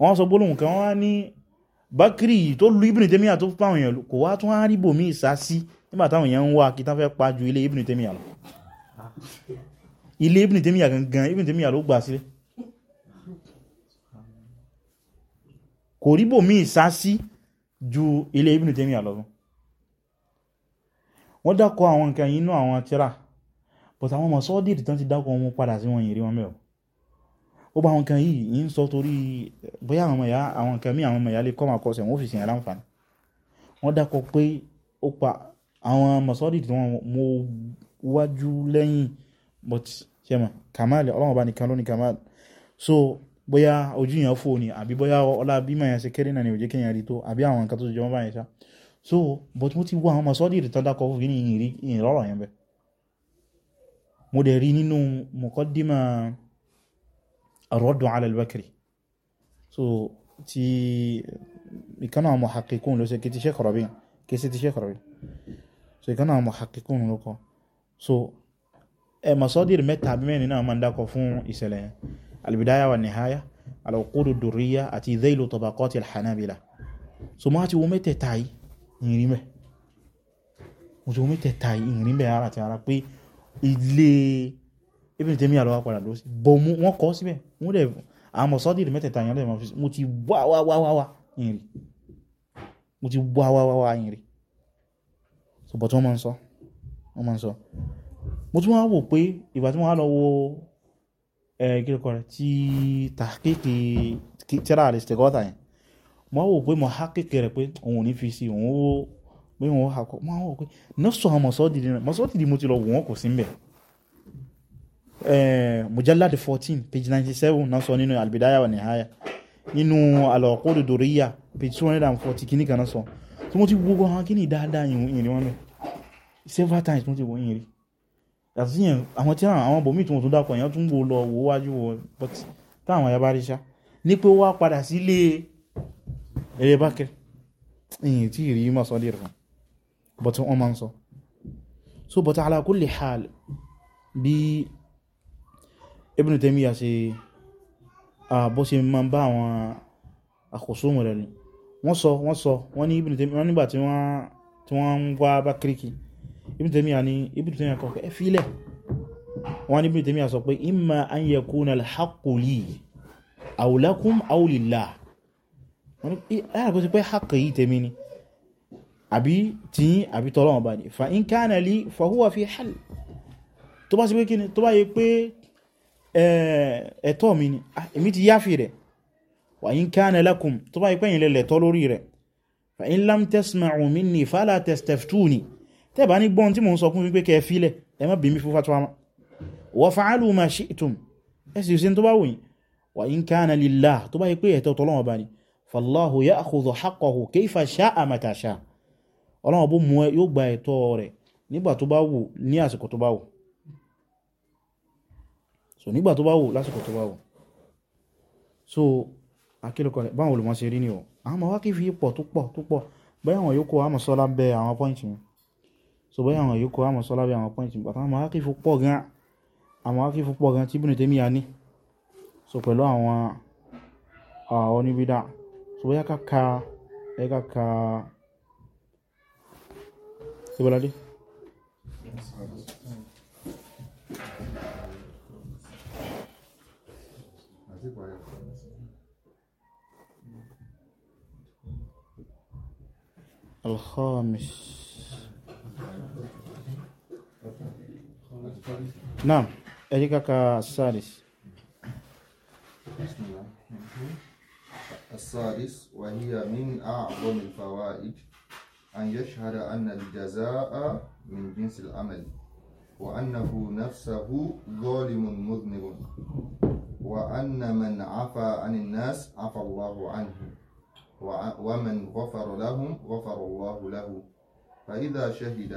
wọ́n sọ gbólóhùn kan wọ́n á ní bákìrì tó lu Ibn Taymiyyah tó pàwọn èèyàn kò wá tún àríbò mí ìsásí nígbà táwọn èèyàn ń wá kí tán fẹ́ pa ju ilé Ibn Taymiyyah lọ ilé Ibn Taymiyyah gangan Ibn Taymiyyah ló gbà sílẹ̀ kò ríbò mí ìsásí ju ilé Ibn Taymiyyah lọ wọ́n dákọ̀ àwọn nǹkan inú àwọn tíra but àwọn mọ̀sọ́dìrì tán ti dákọ̀ wọn padà sí wọn yìí rí wọn mẹ́wàá ó bá àwọn kan yìí yìí ń sọ torí bóyá àwọn ọmọọ̀yá àwọn kan mí àwọn ọmọọ̀yá lè kọ́ máa kọ́ wọ́n fi sìn yàrá wọ́n dákọ̀ pé ó pa àwọn mọ̀sọ́dì tí wọ́n mọ wájú lẹ́yìn but ṣẹ́mà kàmáàlì ọlọ́run bá nìkan lónìí kàmáàlì so bóyá ojú yẹn fò ní àbí bóyá ọlá bímọ yẹn ṣe kéré náà ni òjé kéèyàn rí tó àbí àwọn nǹkan tó ṣe jọmọ́ báyìí ṣá so but mo ti wo àwọn mọ̀sọ́dì ìrìtàn dákọ̀ fún yìí ní ìrọ̀rọ̀ yẹn bẹ́ẹ̀ mo dẹ̀ rí nínú mọ̀kọ́dímọ̀ ar-raddu ala so ti ìkánà àwọn muhakkikun ló ṣe kí ti Sheikh Rabi' kí sí ti Sheikh Rabi' so ìkánà àwọn muhakkikun ló so ẹ e masọ́dìrì mẹ́ta àbí mẹ́rin náà máa ń dákọ̀ fún ìṣẹ̀lẹ̀ yẹn al-Bidaya wa Nihaya al-Uqud àti Dhaylu Tabaqati al-Hanabila so máa ti wo mẹ́tẹ̀ẹ̀ta yìí ìrìn mẹ́ mo ti wo mẹ́tẹ̀ẹ̀ta yìí ìrìn mẹ́ ara ti ara pé ilé Ibn Taymiyyah ló padà lọ sí bọ̀ wọ́n kọ́ síbẹ̀ wọ́n dẹ̀ àwọn mọ̀sọ́dìrì mẹ́tẹ̀ẹ̀ta yẹn lẹ́mọ̀ fi mo ti wá wá wá wá wá ìrìn mo ti wá wá wá wá ìrìn so but wọ́n máa ń sọ wọ́n máa ń sọ mo tún wá wò pé ìgbà tí wọ́n á lọ wo ẹ̀ẹ́gẹ́kọ̀ rẹ̀ tí tàkìkì tíra rẹ̀ stegọ́ta yẹn mo wá wò pé mo há kéèké rẹ̀ pé òun ò ní fi sí òun ó pé òun ó hà mo wá wò pé nọ́ọ̀sọ̀ àwọn mọ̀sọ́dìrì mo ti lọ wò wọ́n kò sí mbẹ̀ Eh, mujallad fourteen page ninety seven náà sọ nínú albidaya wa nihaya nínú alọ́kọ́dù dòríyà page two hundred and forty kìíní kan náà sọ tí mo ti wo àwọn kìíní dáadáa ìrìn wọn mẹ́ several times mo ti wo ìrìn yàtọ̀ sí yẹn àwọn tí àwọn bòmí tí mo tún dákọ̀ yẹn tún wo lọ wo wájú wo but táwọn ya bá rí sá ní pé wá padà sílé eré bákẹ́ ìyìn tí ìrì mọ̀ sọ́dí rẹ̀ but wọ́n máa ń sọ so but ala kulli hal Ibn Taymiyyah ṣe àbọ́ ṣe ma bá àwọn àkòsómù rẹ̀ ni wọ́n sọ wọ́n sọ wọ́n ní Ibn Taymiyyah wọ́n nígbà tí wọ́n ń wá bá kíríkì Ibn Taymiyyah ní Ibn Taymiyyah kọ̀ọ̀kọ̀ ẹ fílẹ̀ wọ́n ní Ibn Taymiyyah sọ pé imma an yakuna al-haqqu li aw lakum aw lillah wọ́n ní láàrín kó sí pé haqqu yìí tẹ̀mí ni àbí tí àbí tọ́lọ́wọ́n bá ní fa in kana li fi hal tó bá sí pé kí ni tó bá yẹ pé Eh, ẹ̀tọ́ mi ni ah, èmi ti yáfi rẹ̀ wa in kana lakum tó bá ipẹ́yìn lẹ́lẹ̀tọ́ lórí rẹ̀ fa in lam tasma'u minni fala tastaftuni tẹ́ bá ní gbọ́n tí mò ń sọ fún wípé kẹ́ fílẹ̀ ẹ má bí mi fún fatuwa ma wa fa'alu ma shi'tum ẹsì so nígbà tó bá wù lásìkò tó bá wù so akílùkọ rẹ̀ báwọn olùmọ̀ ṣe rí ni o àwọn ọmọ wákìí fi pọ̀ tó pọ̀ tó pọ̀ bẹ́ẹ̀ àwọn yòókù àmọ̀ sọ́lá bẹ àwọn pọ́ìntì so bẹ́ẹ̀ àwọn yòókù àmọ̀ sọ́lá bẹ àwọn pọ́ìntì mi bàtà àwọn wákìí fi pọ̀ gan àwọn wákìí fi pọ̀ gan tí Ibn Taymiyyah ní so pẹ̀lú so bẹ́ẹ̀ kàkà ẹ̀ kàkà ìbọ̀ládé. هتسيبه الخامس نعم اديك السادس السادس وهي من أعظم الفوائد أن يشهد أن الجزاء من جنس العمل وأنه نفسه ظالم مذنب وأن من عفا عن الناس عفى الله عنه ومن غفر لهم غفر الله له فإذا شهد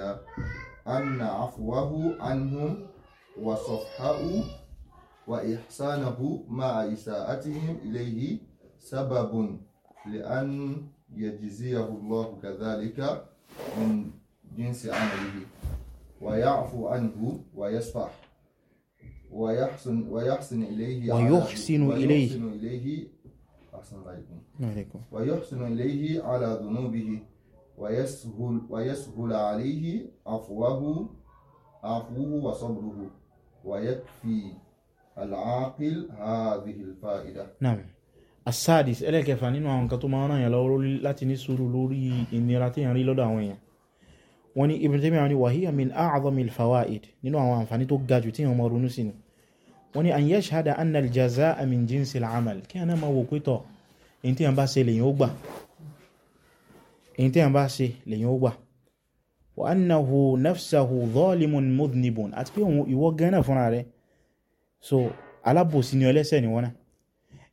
أن عفوه عنهم وصفحه وإحسانه مع إساءتهم إليه سبب لأن يجزيه الله كذلك من جنس عمله ويعفو عنه ويصفح ويحسن ويحسن إليه ويحسن إليه ويحسن إليه على ذنوبه ويسهل ويسهل عليه عفوه عفوه وصبره ويكفي العاقل هذه الفائدة نعم السادس إليك فانين وعنكتما أنا يلورو لاتني سورو لوري إني راتي يعني لودا وين wọ́n ní Ibn Taymiyyah ni wàhíyà min a'zamil fawaid nínú àwọn àǹfààní tó ga jù tí wọ́n mọ̀ ronú sí ni wọ́n ní an yashhada anna al-jazaa min jinsil amal kí àná máa wò pé èyí tí wọ́n bá ṣe lèyìn ó gbà èyí tí wọ́n bá ṣe lèyìn ó gbà wa annahu nafsahu zalimun mudhnibun àti pé òun ìwọ gánà fúnra rẹ̀ so alábòsí ni ọlẹ́sẹ̀ ni wọ́n náà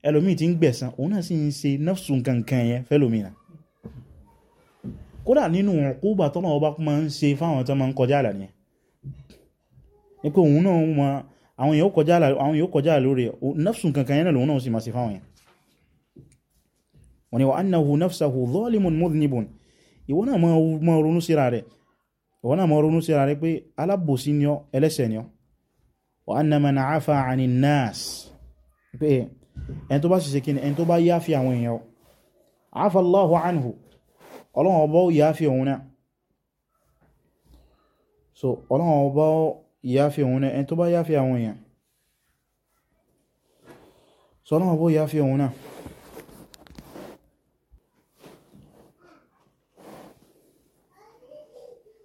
ẹlòmíì ti ń gbẹ̀san òun náà sì ń ṣe nafsun kankan yẹn fẹ́lòmíì kódà nínú ọ̀kúbà tọ́nà ọba máa ń ṣe fáwọn tó máa ń kọjá àlà nìyẹn ní pé òun náà ma àwọn èèyàn kọjá àlà àwọn èèyàn kọjá àlà lórí nafsun kankan yẹn lòun náà sì máa ṣe fáwọn yẹn wọ́n ni wa annahu nafsahu zalimun mudhnibun ìwọ náà ma ronú síra rẹ̀ ìwọ náà ma ronú síra rẹ̀ pé alábòsí ni ọ́ ẹlẹ́ṣẹ̀ ni ọ́ wa anna man afa anin nas pé ẹni tó bá sì ṣe kí ni ẹni tó bá yáfi àwọn èèyàn afa Allahu anhu ọlọ́run ọba ó òun náà so ọlọ́run ọba ó yááfì òun náà ẹni tó bá yááfì àwọn èèyàn so ọlọ́run ọba ó yááfì òun náà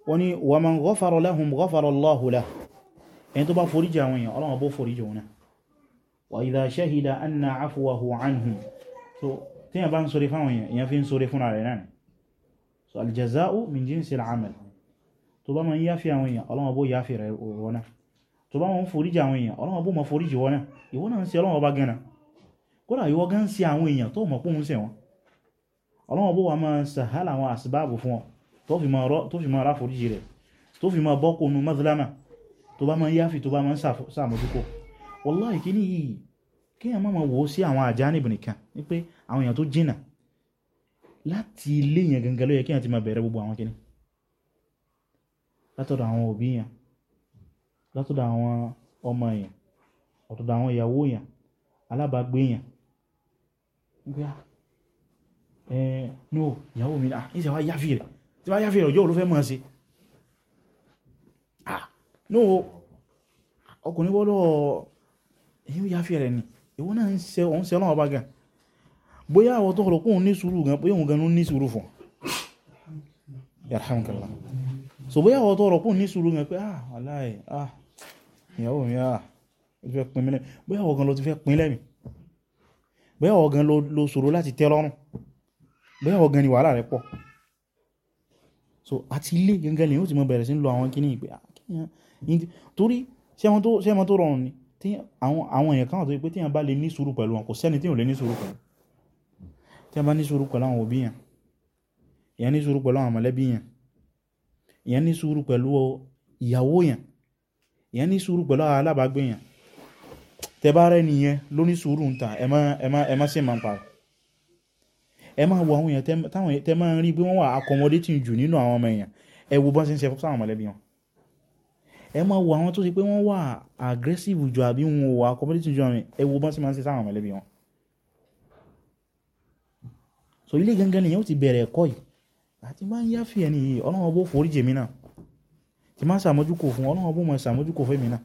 wọ́n ni wa man ghafara lahum ghafara Allahu lahu ẹni tó bá foríjì àwọn èèyàn ọlọ́run ọba foríjì òun náà wa idha shahida anna afwahu anhum so tí èèyàn bá ń sọre fáwọn èèyàn fi ń sọre fúnra rẹ̀ náà so aljaza'u min jinsi al'amal tó bá ma ń yáfí àwọn èèyàn Ọlọ́run bó yáfí rẹ̀ wọ́nà tó bá ma ń foríjì àwọn èèyàn Ọlọ́run bó ma foríjì wọ́nà ìwọ náà ń ṣe Ọlọ́run bá gánà kódà ìwọ gán sí àwọn èèyàn tó mọ̀ pún ṣe wọn Ọlọ́run bó wa ma sàhálà àwọn àsìbáàbù fún ọ tó fi ma rá foríjì rẹ̀ tó fi ma bọ́kù nu mazlama tó bá ma ń yáfí tó bá ma ń sàmójúkó wallahi kí ni kí ẹ ma wò sí àwọn àjánìbì ní pé àwọn èèyàn tó jìnà láti ilé yẹn gangan ló yẹ kí yẹn ti máa bẹ̀rẹ̀ gbogbo àwọn kíní látọ̀dọ̀ àwọn òbí yẹn látọ̀dọ̀ àwọn ọmọ yẹn ọ̀tọ̀dọ̀ àwọn ìyàwó yẹn alábàágbé yẹn nígbà ah, ẹ no ìyàwó mi náà ah, ìṣẹ̀wá yáfì rẹ̀ tí wá yáfì rẹ̀ ọjọ́ olófẹ́ mọ̀ sí ah no ọkùnrin gbọ́dọ̀ èyí yáfì rẹ̀ ni ìwọ náà ń ṣe ọ̀hún bóyá àwọn tó rọ̀pọ̀ ní sùúrù gan bóyá òun ganú ní sùúrù fún yarhamkallah so bóyá àwọn tó rọ̀pọ̀ ní sùúrù gan pé ah aláì ah ìyàwó mi ah fẹ́ pin mílẹ̀ bóyá àwọn gan ló ti fẹ́ pin lẹ́mì bóyá àwọn gan ló ṣòro láti tẹ́ lọ́rùn bóyá àwọn gan ni wàhálà rẹ̀ pọ̀ so àti ilé gangan lèyìn ó ti mọ bẹ̀rẹ̀ sí ń lo àwọn kíní ìpè ah, torí sẹ́wọ́n tó rọrùn ni àwọn èèyàn kan wà tó yẹ pé téèyàn bá lè ní sùúrù pẹ̀lú wọn kò sẹ́ni téèyàn lè ní sùúrù pẹ̀lú tí a bá ní sùúrù pẹ̀lú àwọn òbí yẹn èyàn ní sùúrù pẹ̀lú àwọn mọ̀lẹ́bí yẹn èyàn ní sùúrù pẹ̀lú ìyàwó yẹn èyàn ní sùúrù pẹ̀lú àwọn alábàágbé yẹn tẹ bá rẹ nìyẹn ló ní sùúrù ń ta ẹ má ẹ má pa ẹ máa wo àwọn èèyàn tẹ máa rí pé wọ́n wà accommodating jù nínú àwọn ọmọ èèyàn ẹ wo bọ́n ṣe ń ṣe fún àwọn mọ̀lẹ́bí wọn ẹ máa wo àwọn tó ṣe pé wọ́n wà aggressive jù àbí wọn wà accommodating jù àwọn ẹ wo bọ́n ṣe máa ń ṣe sáwọn mọ̀lẹ́bí wọn so ilé gangan nìyẹn ó ti bẹ̀rẹ̀ ẹ̀kọ́ yìí àti bá ń yá fi ẹni yìí ọlọ́run ọbọ̀ forí jèmi náà ti máa ṣàmójúkò fún ọlọ́run ọbọ̀ mọ̀ ṣàmójúkò fẹ́mi náà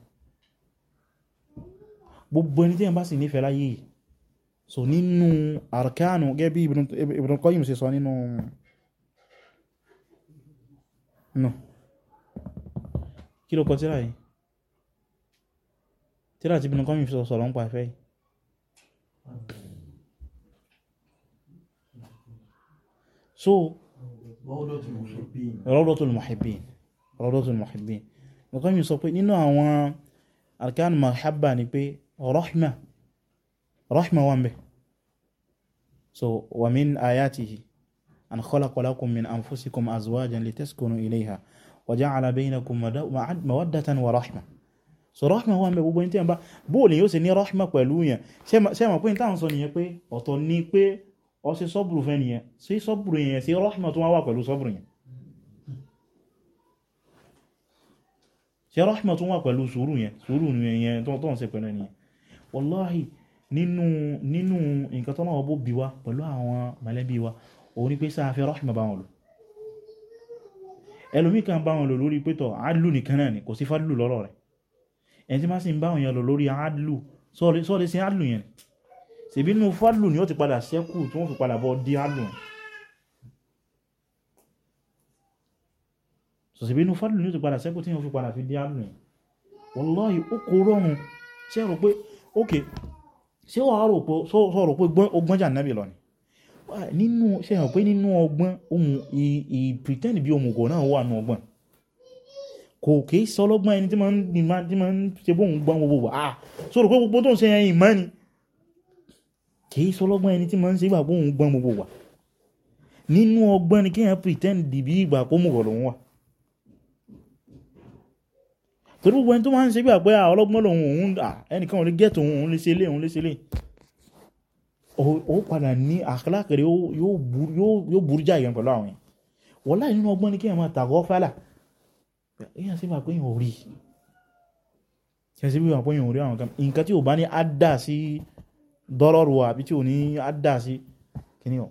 gbogbo ẹni tí ẹ̀ bá sì nífẹ̀ẹ́ láyé yìí so nínú arkanu gẹ́gẹ́ bí Ibn Qayyim ṣe sọ nínú no kí ló kọ tíra yìí tíra ti Ibn Qayyim ṣe sọ̀rọ̀ ń pa ẹ̀fẹ́ yìí so Rawdatul Muhibbin Rawdatul Muhibbin nǹkan mi sọ pé nínú àwọn arkan mahabba ni pé rahma rahma wà ń bẹ so wa min ayatihi an khalaqa lakum min anfusikum azwajan litaskunu ilayha wa ja'ala baynakum mawaddatan wa rahma so rahma wà ń bẹ gbogbo ní ó ṣe sọ́bùrù fẹ́ nìyẹn ṣe sọ́bùrù yẹn ṣe rahma tó wá wà pẹ̀lú sọ́bùrù yẹn ṣe rahma tó wà pẹ̀lú sùúrù yẹn sùúrù yẹn tó ń ṣe pẹ̀lú yẹn wallahi nínú nínú nǹkan tó náà bó bí wa pẹ̀lú àwọn mọ̀lẹ́bí wa òun ni pé sáà fi rahma bá wọn lò ni kò sí fadlù lọ́rọ̀ rẹ̀ ẹni tí má sì ń bá wọn yẹn lò lórí ni ṣèbí inú fadlu ni ó ti padà ṣẹ́kù tí wọ́n fi padà bọ́ dí adùn so ṣèbí inú fadlu ni ó ti padà ṣẹ́kù tí wọ́n fi padà fi dí adùn wallahi ó kó rọrùn ṣe rò pé ok ṣe wà rò pé sọ rò pé ọgbọ́n jà náàbì lọ ni nínú ṣe hàn pé nínú ọgbọ́n ohun ì pretend bí ohun ọgọ́ náà wà nù ọgbọ́n kò kìí sọ lọ́gbọ́n ẹni tí ma ń ṣe bóhun gbọ́n gbogbo wà á sọ rò pé gbogbo tó ń ṣe ẹ̀yìn mọ́ kìí sọlọ́gbọ́n ẹni tí ma ń ṣe ìgbà kóhun gbọ́n gbogbo wà nínú ọgbọ́n ni kíyàn pretend di bí ìgbà kó mú ọ̀lọ́hun wà torí gbogbo ẹni tó ma ń ṣe ìgbà pé ọlọ́gbọ́n lòun òun ẹnìkan lè gẹ́ẹ̀tì òun lè ṣe lé òun lè ṣe lé ó padà ní àkàlákèrè yóò burú já ìyàn pẹ̀lú àwọn wọ́n láì nínú ọgbọ́n ni kíyàn máa tàgọ́ fálà èyàn sí ìgbà pé èyàn ò rí èyàn sí ìgbà pé èyàn ò rí àwọn nǹkan tí ò bá ní á dà sí dọ́rọ̀rù àbí tí ò ní àdá sí kìíní ọ̀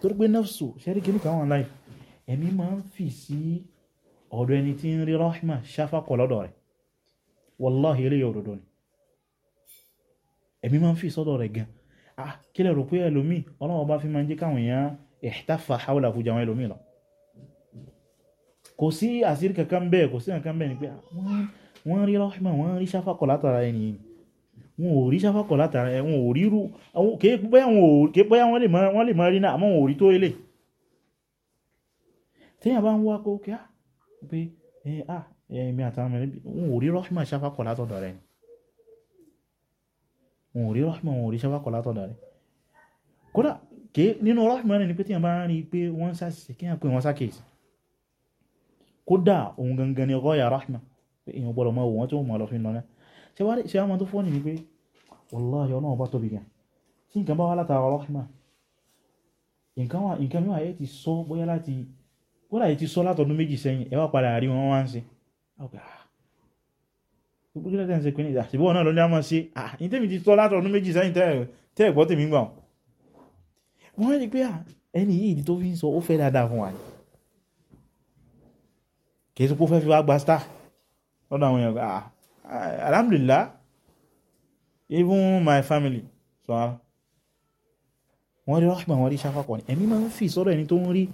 tó rí pé nafsu ṣẹ́rí kìíní kan wà láì ẹ̀mí máa ń fi sí ọ̀dọ̀ ẹni tí ń rí rahma ṣáfàkọ̀ lọ́dọ̀ rẹ̀ wallahi eléyà òdòdó ni ẹ̀mí máa ń fi sọ́dọ̀ rẹ̀ gan ah kí lẹ rò pé ẹlòmí ọlọ́wọ́ bá fi máa ń jẹ́ wọn ò rí sáfàkọ̀ látara ẹ̀ wọn ò rí rú kéèpẹ́yà wọ́n lè mọ́ rí náà àmọ́ wọn ò rí tó ilé téèyàn bá ń wá kó kíá pé ẹ̀mí àtàwọn mẹ́rin wọn ò rí rọ́ṣmà sáfàkọ̀ látọ̀dọ̀ rẹ̀ wọn ò rí rọ́ṣmà wọn ò rí sáfàkọ̀ látọ̀dọ̀ rẹ̀ kódà ké nínú rọ́ṣmà rẹ̀ ni pé téèyàn bá ń rí pé wọ́n sàṣìṣe kéèyàn pé wọ́n sàkèsì kódà òun gangan ni ọgọ́ yà rọ́ṣmà èèyàn gbọ́dọ̀ mọ́ òun wọ́n tó mọ̀ lọ́fin lọ́nà ṣe wá ṣe àwọn tó fọ́nì ní pé wàláhì ọlọ́run bá tóbi gan tí nǹkan bá wá látara rahma nǹkan wà nǹkan mìíràn ẹ ti sọ bóyá láti kódà ẹ ti sọ látọdún méjì sẹ́yìn ẹ wá padà rí wọn wá ń ṣe ah. gbogbo kí lẹ́tẹ̀ ah ní ah, tèmi ti sọ látọdún méjì sẹ́yìn tẹ́ ẹ̀gbọ́ tèmi gbà wọ́n rí pé ah, ẹni yìí ìdí tó fi ń sọ ó fẹ́ dáadáa fún fi wá gba star lọ́dọ̀ àwọn èèyàn Ah, alhamdulillah even my family so ara ah. wọ́n rí rahma wọ́n rí ṣafakọ̀ ní ẹ̀mí máa ń fi sọ́rọ̀ ẹni tó ń rí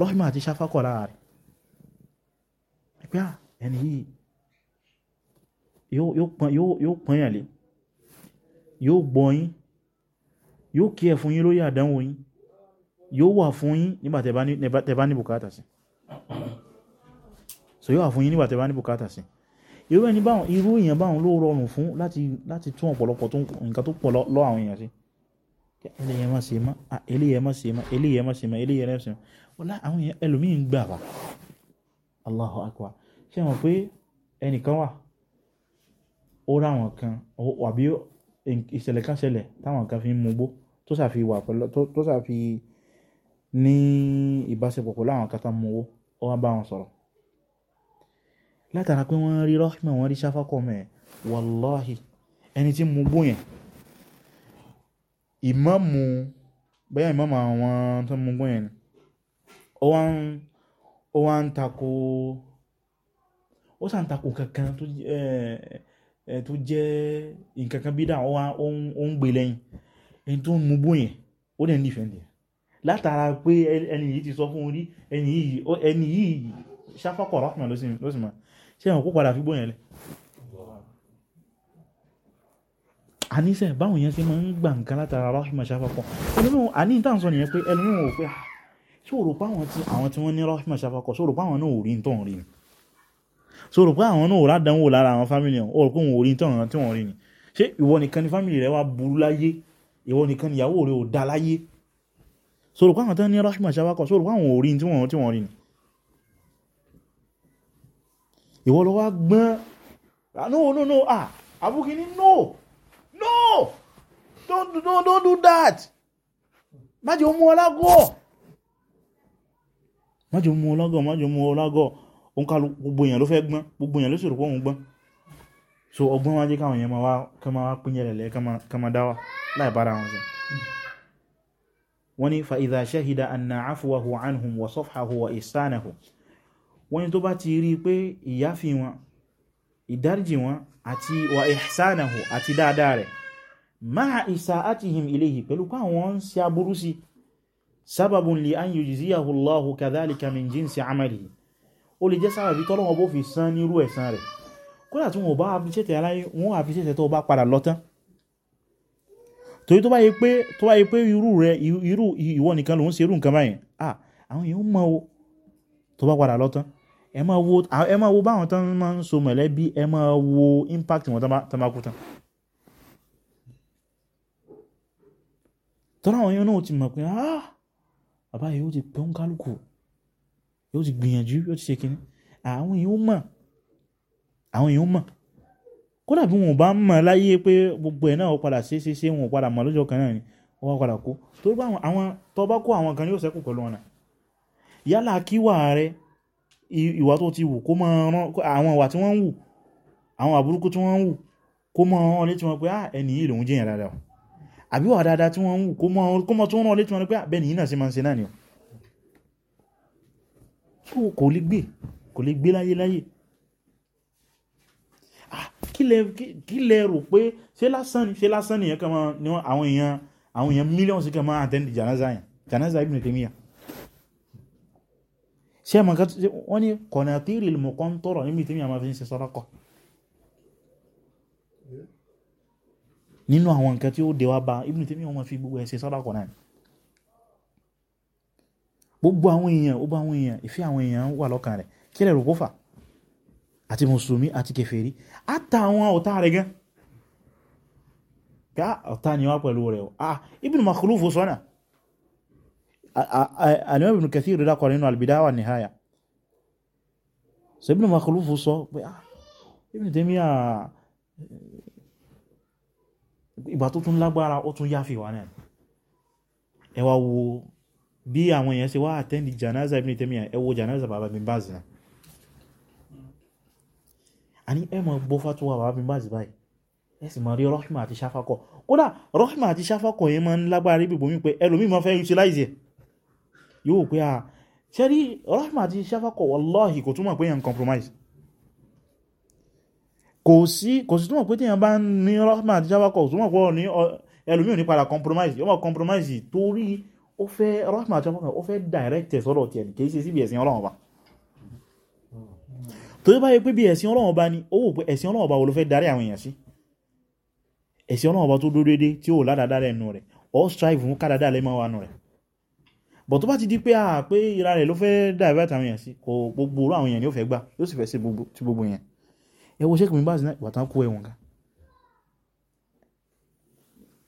rahma àti ṣafakọ̀ lára rẹ̀ pé à ah, ẹni yìí yóò pọ̀nyàn lé yóò gbọ́yìn yóò kí ẹ̀ fún yín lórí àdánwò yín yóò wà fún yín nígbà tẹ́ bá ní bùkátà sí so yóò wà fún yín nígbà tẹ́ bá ní bùkátà sí irú ẹni báwọn irú èèyàn báwọn ló rọrùn fún láti láti tún ọ̀pọ̀lọpọ̀ tó nǹkan tó pọ̀ lọ àwọn èèyàn sí eléyẹ má ṣe má eléyẹ má ṣe má eléyẹ má ṣe má eléyẹ má ṣe má wọlá àwọn èèyàn ẹlòmíín gbà wá Allahu akbar ṣe mọ̀ pé ẹnìkan wà ó ráwọn kan àbí ìṣẹ̀lẹ̀ kan ṣẹlẹ̀ táwọn kan fi ń mugbó tó ṣàfi wà pẹ̀lú tó ṣàfi ní ìbáṣepọ̀ pẹ̀lú àwọn kan tó ń mugbó ó wá bá wọn sọ̀rọ̀ látara pé wọ́n rí rọ́hìmà wọ́n rí sáfákọ̀ mẹ́ wàláhì ẹni tí mo bó yẹn ìmáàmù bẹ́yà ìmáàmù àwọn tó mú bó yẹn ó wá ń takò ó sàn takò kankan tó jẹ́ nkankan bídà ó ń gbé lẹ́yìn ẹni tó mú bó yẹn ó dẹ̀ nífẹ̀ẹ́ dẹ̀ látara pé ẹni yìí ti sọ fún orí ẹni yìí sáfákọ̀ rọ́hìmà ló ṣe àwọn kó padà fi gbóyàn lẹ àníṣẹ́ báwọn yẹn ṣe máa ń gbà nǹkan látara rahima ṣafakọ̀ ẹlòmíràn àní ìtàn sọ nìyẹn pé ẹlòmíràn ò pé ah, ṣòro páwọn tí àwọn tí wọ́n ní rahima ṣafakọ̀ ṣòro páwọn náà ò rí nǹkan rí ni ṣòro pé àwọn náà ò rádánwò lára àwọn fámìlì wọn ò rò pé wọn ò rí nǹkan tí wọ́n rí ni ṣé ìwọ nìkan ni fámìlì rẹ wá burú láyé ìwọ nìkan ni ìyàwó rẹ ò dá láyé ṣòro páwọn tán ní rahima ṣafakọ̀ ṣòro páwọn ò rí nǹkan tí wọ́n rí ni ìwọ lọ wá gbọ́n ah, no no no ah abúkíní no no don't, don't, don't do that májò mú ọlágọ́ májò mú ọlágọ́ májò mú ọlágọ́ òun ká gbogbo èèyàn ló fẹ́ gbọ́n gbogbo èèyàn ló sì rò pọ́ òun gbọ́n so ọgbọ́n wájé káwọn èèyàn máa wá pín yẹrẹ̀lẹ́ kama dáwà láì bára wọn sí wọ́n ni fa idha shahida anna afuwahu anhum wa safhahu wa ihsanahu wọ́n ní tó bá ti rí pé ìyáfi wọn ìdáríjì wọn àti wà ihsanahu àti dáadáa rẹ̀ máa isa'atihim ilayhi pẹ̀lú pé àwọn ń ṣe aburú sí sababun li an yujziyahu Allahu kadhalika min jinsi amalihi ó lè jẹ́ sábàbí tọ́lọ́wọ́ bó fi san nírú ẹ̀san rẹ̀ rẹ̀ tó bá padà lọ́tán ẹ máa wo ẹ máa wo báwọn tán máa ń so mọ̀lẹ́bí ẹ máa wo impact wọn tán bá kú tán tọ́lá àwọn yẹn náà ti mọ̀ pé ah bàbá yìí ó ti pẹ́ ń kálukú yóò ti gbìyànjú yóò ti ṣe kínní àwọn èèyàn mọ̀ àwọn èèyàn mọ̀ kódà bí wọn ò bá mọ̀ láyé pé gbogbo ẹ̀ náà ó padà ṣe é ṣe é wọn ò padà mọ̀ lọ́jọ́ kan náà ni wọ́n padà kú torí pé àwọn tó bá kó àwọn kan yóò ṣẹ́kù pẹ̀lú ọ̀nà yálà kíwà rẹ ìwà tó ti wù kó mọ́ àwọn ìwà tí wọ́n ń wù àwọn àbúrúkú tí wọ́n ń wù kó mọ́ ọ̀rán létí wọn pé à ẹni yìí lòun jẹ́yàn dáadáa àbí wà dáadáa tí wọ́n ń wù kó mọ́ tó rán létí wọn pé àbẹ́ni yìí náà sí máa ń ṣe náà ni so kò lè gbé kò lè gbé láyé láyé kí lẹ rò pé ṣe lásán ni ṣe lásán ni àwọn èèyàn àwọn èèyàn mílíọ̀nù sí kẹ́ máa àtẹ́ndì jànáza Ibn Taymiyyah sí ẹmọ kan wọ́n ní kọ̀nàtírì mọ̀kọ́ ń tọ́rọ̀ níbi tí mi àmà fi ń ṣe sọ́rọ́kọ̀ nínú àwọn nǹkan tí ó dẹwà bá Ibn Taymiyyah wọ́n fi gbogbo ẹ̀ ṣe sọ́rọ́kọ̀ náà gbogbo àwọn èèyàn ó bá àwọn èèyàn ìfẹ́ àwọn èèyàn wà lọ́kàn rẹ̀ kí lẹ̀ rò fà àti mùsùlùmí àti kèfèrí àtà ọ̀tá rẹ̀ gan ah, ọ̀tá ni wá pẹ̀lú rẹ̀ ah Ibn Makhluf sọ́nà so Al-Imam Ibn Kathir dákọ̀ nínú al-Bidaya wa an-Nihaya so Ibn Makhluf sọ pé ah Ibn Taymiyyah eh, ìgbà tó tún lágbára ó tún yáfi wà náà ẹ wá wo bí àwọn èèyàn ṣe wá àtẹ́ndì janaza Ibn Taymiyyah ẹ wo janaza bàbá Bin Baz náà a ní ẹ mọ̀ gbọ́ fatuwa bàbá Bin Baz báyìí ẹ sì mọ̀ Rahma àti Shafaqah kódà Rahma àti Shafaqah yẹn máa ń lágbára rí bìbòmí pé ẹlòmí máa fẹ́ utilize ẹ̀ yóò pé à ah, ṣe rí rahma àti ṣafakọ̀ wallahi kò túmọ̀ pé yẹn compromise kò sí kò sí túmọ̀ pé tí yẹn bá ní rahma àti ṣafakọ̀ kò túmọ̀ pé ní ẹlòmí ò ní padà compromise yóò mọ̀ compromise torí ó fẹ́ rahma àti ṣafakọ̀ ó fẹ́ direct ẹ̀ sọ́dọ̀ tiẹ̀ kì í ṣe síbi ẹ̀sìn ọlọ́run ọba torí báyìí pé bí ẹ̀sìn ọlọ́run ọba ni ó wò pé ẹ̀sìn ọlọ́run ọba wo ló fẹ́ darí àwọn èèyàn sí ẹ̀sìn ọlọ́run ọba tó dúró déédéé tí ó ládàá dálẹ̀ nù rẹ̀ all strive fún kádàá dálẹ̀ máa wà nù rẹ̀ but tó bá ti di pé à ah, pé ìra rẹ̀ ló fẹ́ divert àwọn èèyàn sí kò gbogbo orú àwọn èèyàn ni ó fẹ́ gbà yóò sì fẹ́ sí gbogbo tí gbogbo yẹn ẹ wo sẹ́kùnrin bá sí náà ìwàtán kó ẹ̀wọ̀n kan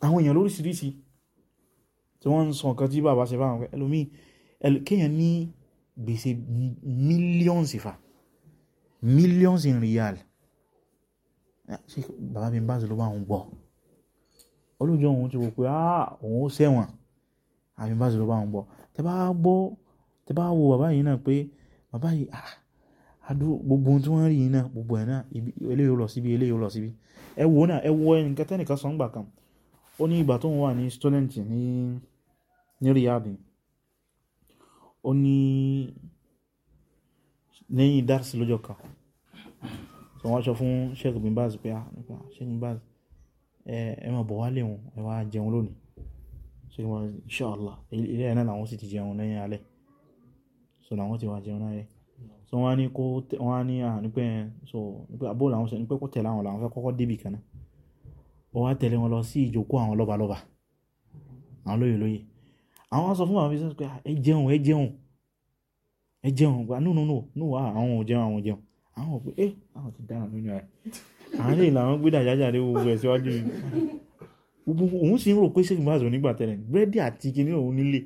àwọn èèyàn lóríṣiríṣi tí wọ́n ń sọ nǹkan tí bàbá ṣe fáwọn ẹlòmí kéèyàn ní gbèsè millions ìfà millions in real ah, bàbá bí bá sí ló bá òun gbọ́ olóòjọ́ òun ti wò pé ah òun ó ṣẹ̀wọ̀n àbí bá ṣe lọ bá wọn gbọ́ tẹ bá gbọ́ tẹ bá wo bàbá yìí náà pé bàbá yìí ah adú gbogbo ohun tí wọ́n rí yìí náà gbogbo ẹ̀ náà eléyìí ó lọ síbi eléyìí ó lọ síbi ẹ wo náà ẹ wo ẹnìkan tẹ́nìkan sọ ń gbà kan ó ní ìgbà tó ń wà ní student ní ní Riyadh ó ní lẹ́yìn dársi lọ́jọ́ kan so wọ́n sọ fún Sheikh bin Baz pé ah Sheikh bin Baz ẹ ẹ máa bọ̀ wálé wọn ẹ wá jẹun lónìí so kí wọ́n inshallah ilé ẹ̀nà làwọn sì ti jẹun so làwọn ti wà jẹun so wọ́n á ní so ní pé abó làwọn sọ ní pé kó kan náà ó wá tẹ̀lé wọn lọ sí ìjókòó àwọn lọ́ba lọ́ba àwọn lóye lóye àwọn sọ fún àwọn fi sọ pé ẹ jẹun ẹ jẹun ẹ jẹun gba nínú nù nù wá àwọn ò jẹun àwọn ò jẹun àwọn ò pé ẹ eh, àwọn ti gbogbo òun sì ń rò pé ṣe gbọ́nàzọ̀ nígbà tẹ́lẹ̀ búrẹ́dì àti kìíní òun nílé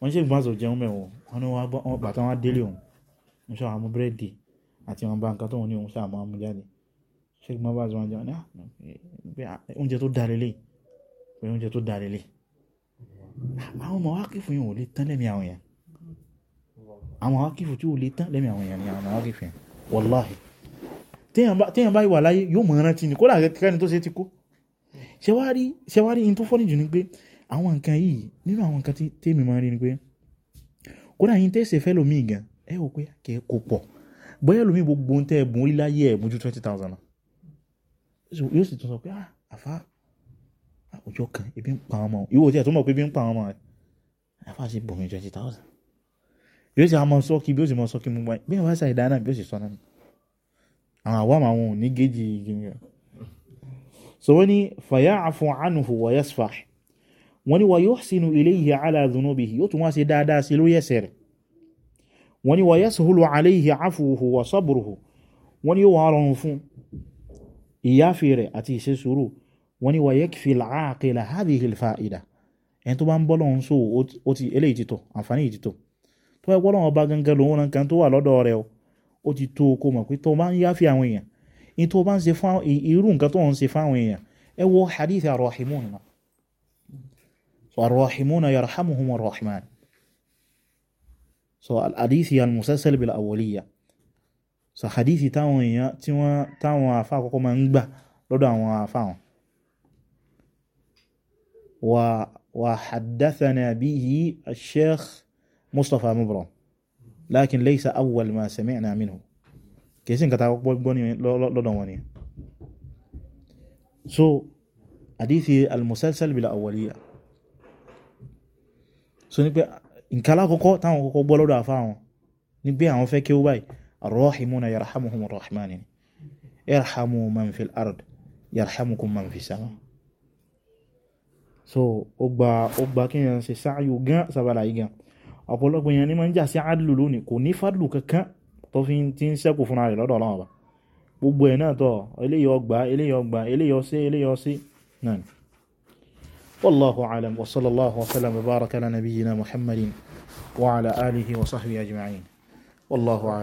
wọ́n ṣe gbọ́nàzọ̀ jẹun mẹ́wọ̀n wọn ni wọ́n bàtà wọn délé òun ń ṣe àwọn búrẹ́dì àti wọn bá nǹkan tó wọn ní òun ṣe àwọn amújáde ṣe gbọ́nàzọ̀ wọn jẹun ah, ah, oúnjẹ tó da lélẹ̀ pé oúnjẹ tó da lélẹ̀ àwọn ọmọ wa kìfù yìí ò lè tán lẹ́mí àwọn yẹn àwọn wa kìfù tí ò lè tán lẹ́mí àwọn yẹn ni àwọn wa kìfù yẹn wàláhì téèyàn bá wà láyé yóò mọ̀ rántí ṣẹwárí ṣẹwárí in tó fọ́nì jù ni pé àwọn nǹkan yìí nínú àwọn nǹkan tèmi máa ń rí ni pé kódà yín tẹ̀sẹ̀ fẹ́ lómi gan ẹ wò pé kẹ́ kò pọ̀ bóyá lómi gbogbo ń tẹ́ ẹ̀bùn orí láyé ẹ̀bùn ju twenty thousand yóò sì tún sọ pé ah àfa àwùjọ kan ebi ń pa ọmọ ìwọ tí ẹ tó mọ̀ pé ebi ń pa ọmọ rẹ àfa sì bùnmi twenty thousand yóò sì àmọ sọ́ọ̀kì bí ó sì mọ sọ́ọ̀kì mú wáyé bí ẹ wá ṣàìdáná bí ó sì sọ náà àwọn àwọn àwọn ò ní géèjì so wọ́n ni fayafu anhu wa yasfah wọ́n ni wa yuhsinu ilayhi ala dhunubihi yóò tún wá ṣe dáadáa sí lórí ẹ̀ṣẹ̀ rẹ̀ wọ́n ni wa yashulu alayhi afuhu wa sabruhu wọ́n ni yóò wá rọrùn fún ìyáfẹ́ rẹ̀ àti ìṣe sùúrù wọ́n wà lọ́dọ̀ rẹ̀ ó ti in tó ban ṣe fún irú nkan tó ń ṣe fun awon eyan ẹ wo hadith arrahimun na so arrahimun yarhamuhum arrahman so al-hadith ya al-musalsal bil awwaliyya so hadith ta won eyan tí wọ́n ta won afa kọ́kọ́ ma ń gbà lọ́dọ̀ àwọn afa wọn wa wa hadathana bihi al shaykh Mustafa Mubram lakin laysa awwal ma sami'na minhu kìí sí nǹkan tá gbọ́ ní ni so hadithi al-musalsal bil awwaliya so ní pé nǹkan alákọ̀ọ́kọ́ táwọn kọ́kọ́ gbọ́ lọ́dọ̀ àfá wọn ní pé àwọn fẹ́ kí ó báyìí arrahimuna yarhamuhum arrahmani irhamu man fil ard yarhamukum man fis sama so ó gba ó gba kí yẹn ṣe sáàyù gan sábàlá yìí gan ọ̀pọ̀lọpọ̀ yẹn ni máa ń jà sí àdìlú lónìí kò ní fàdìlù kankan tó fi ń sẹ́kù fúnra rẹ̀ lọ́dọ̀ ọlọ́run ọba gbogbo ẹ̀ náà tọ́ eléyìí gbà eléyìí ọgbà eléyìí ọsẹ́ eléyìí ọsẹ́ náà ni والله أعلم وصلى الله وسلم وبارك على نبينا محمد وعلى آله وصحبه أجمعين والله أعلم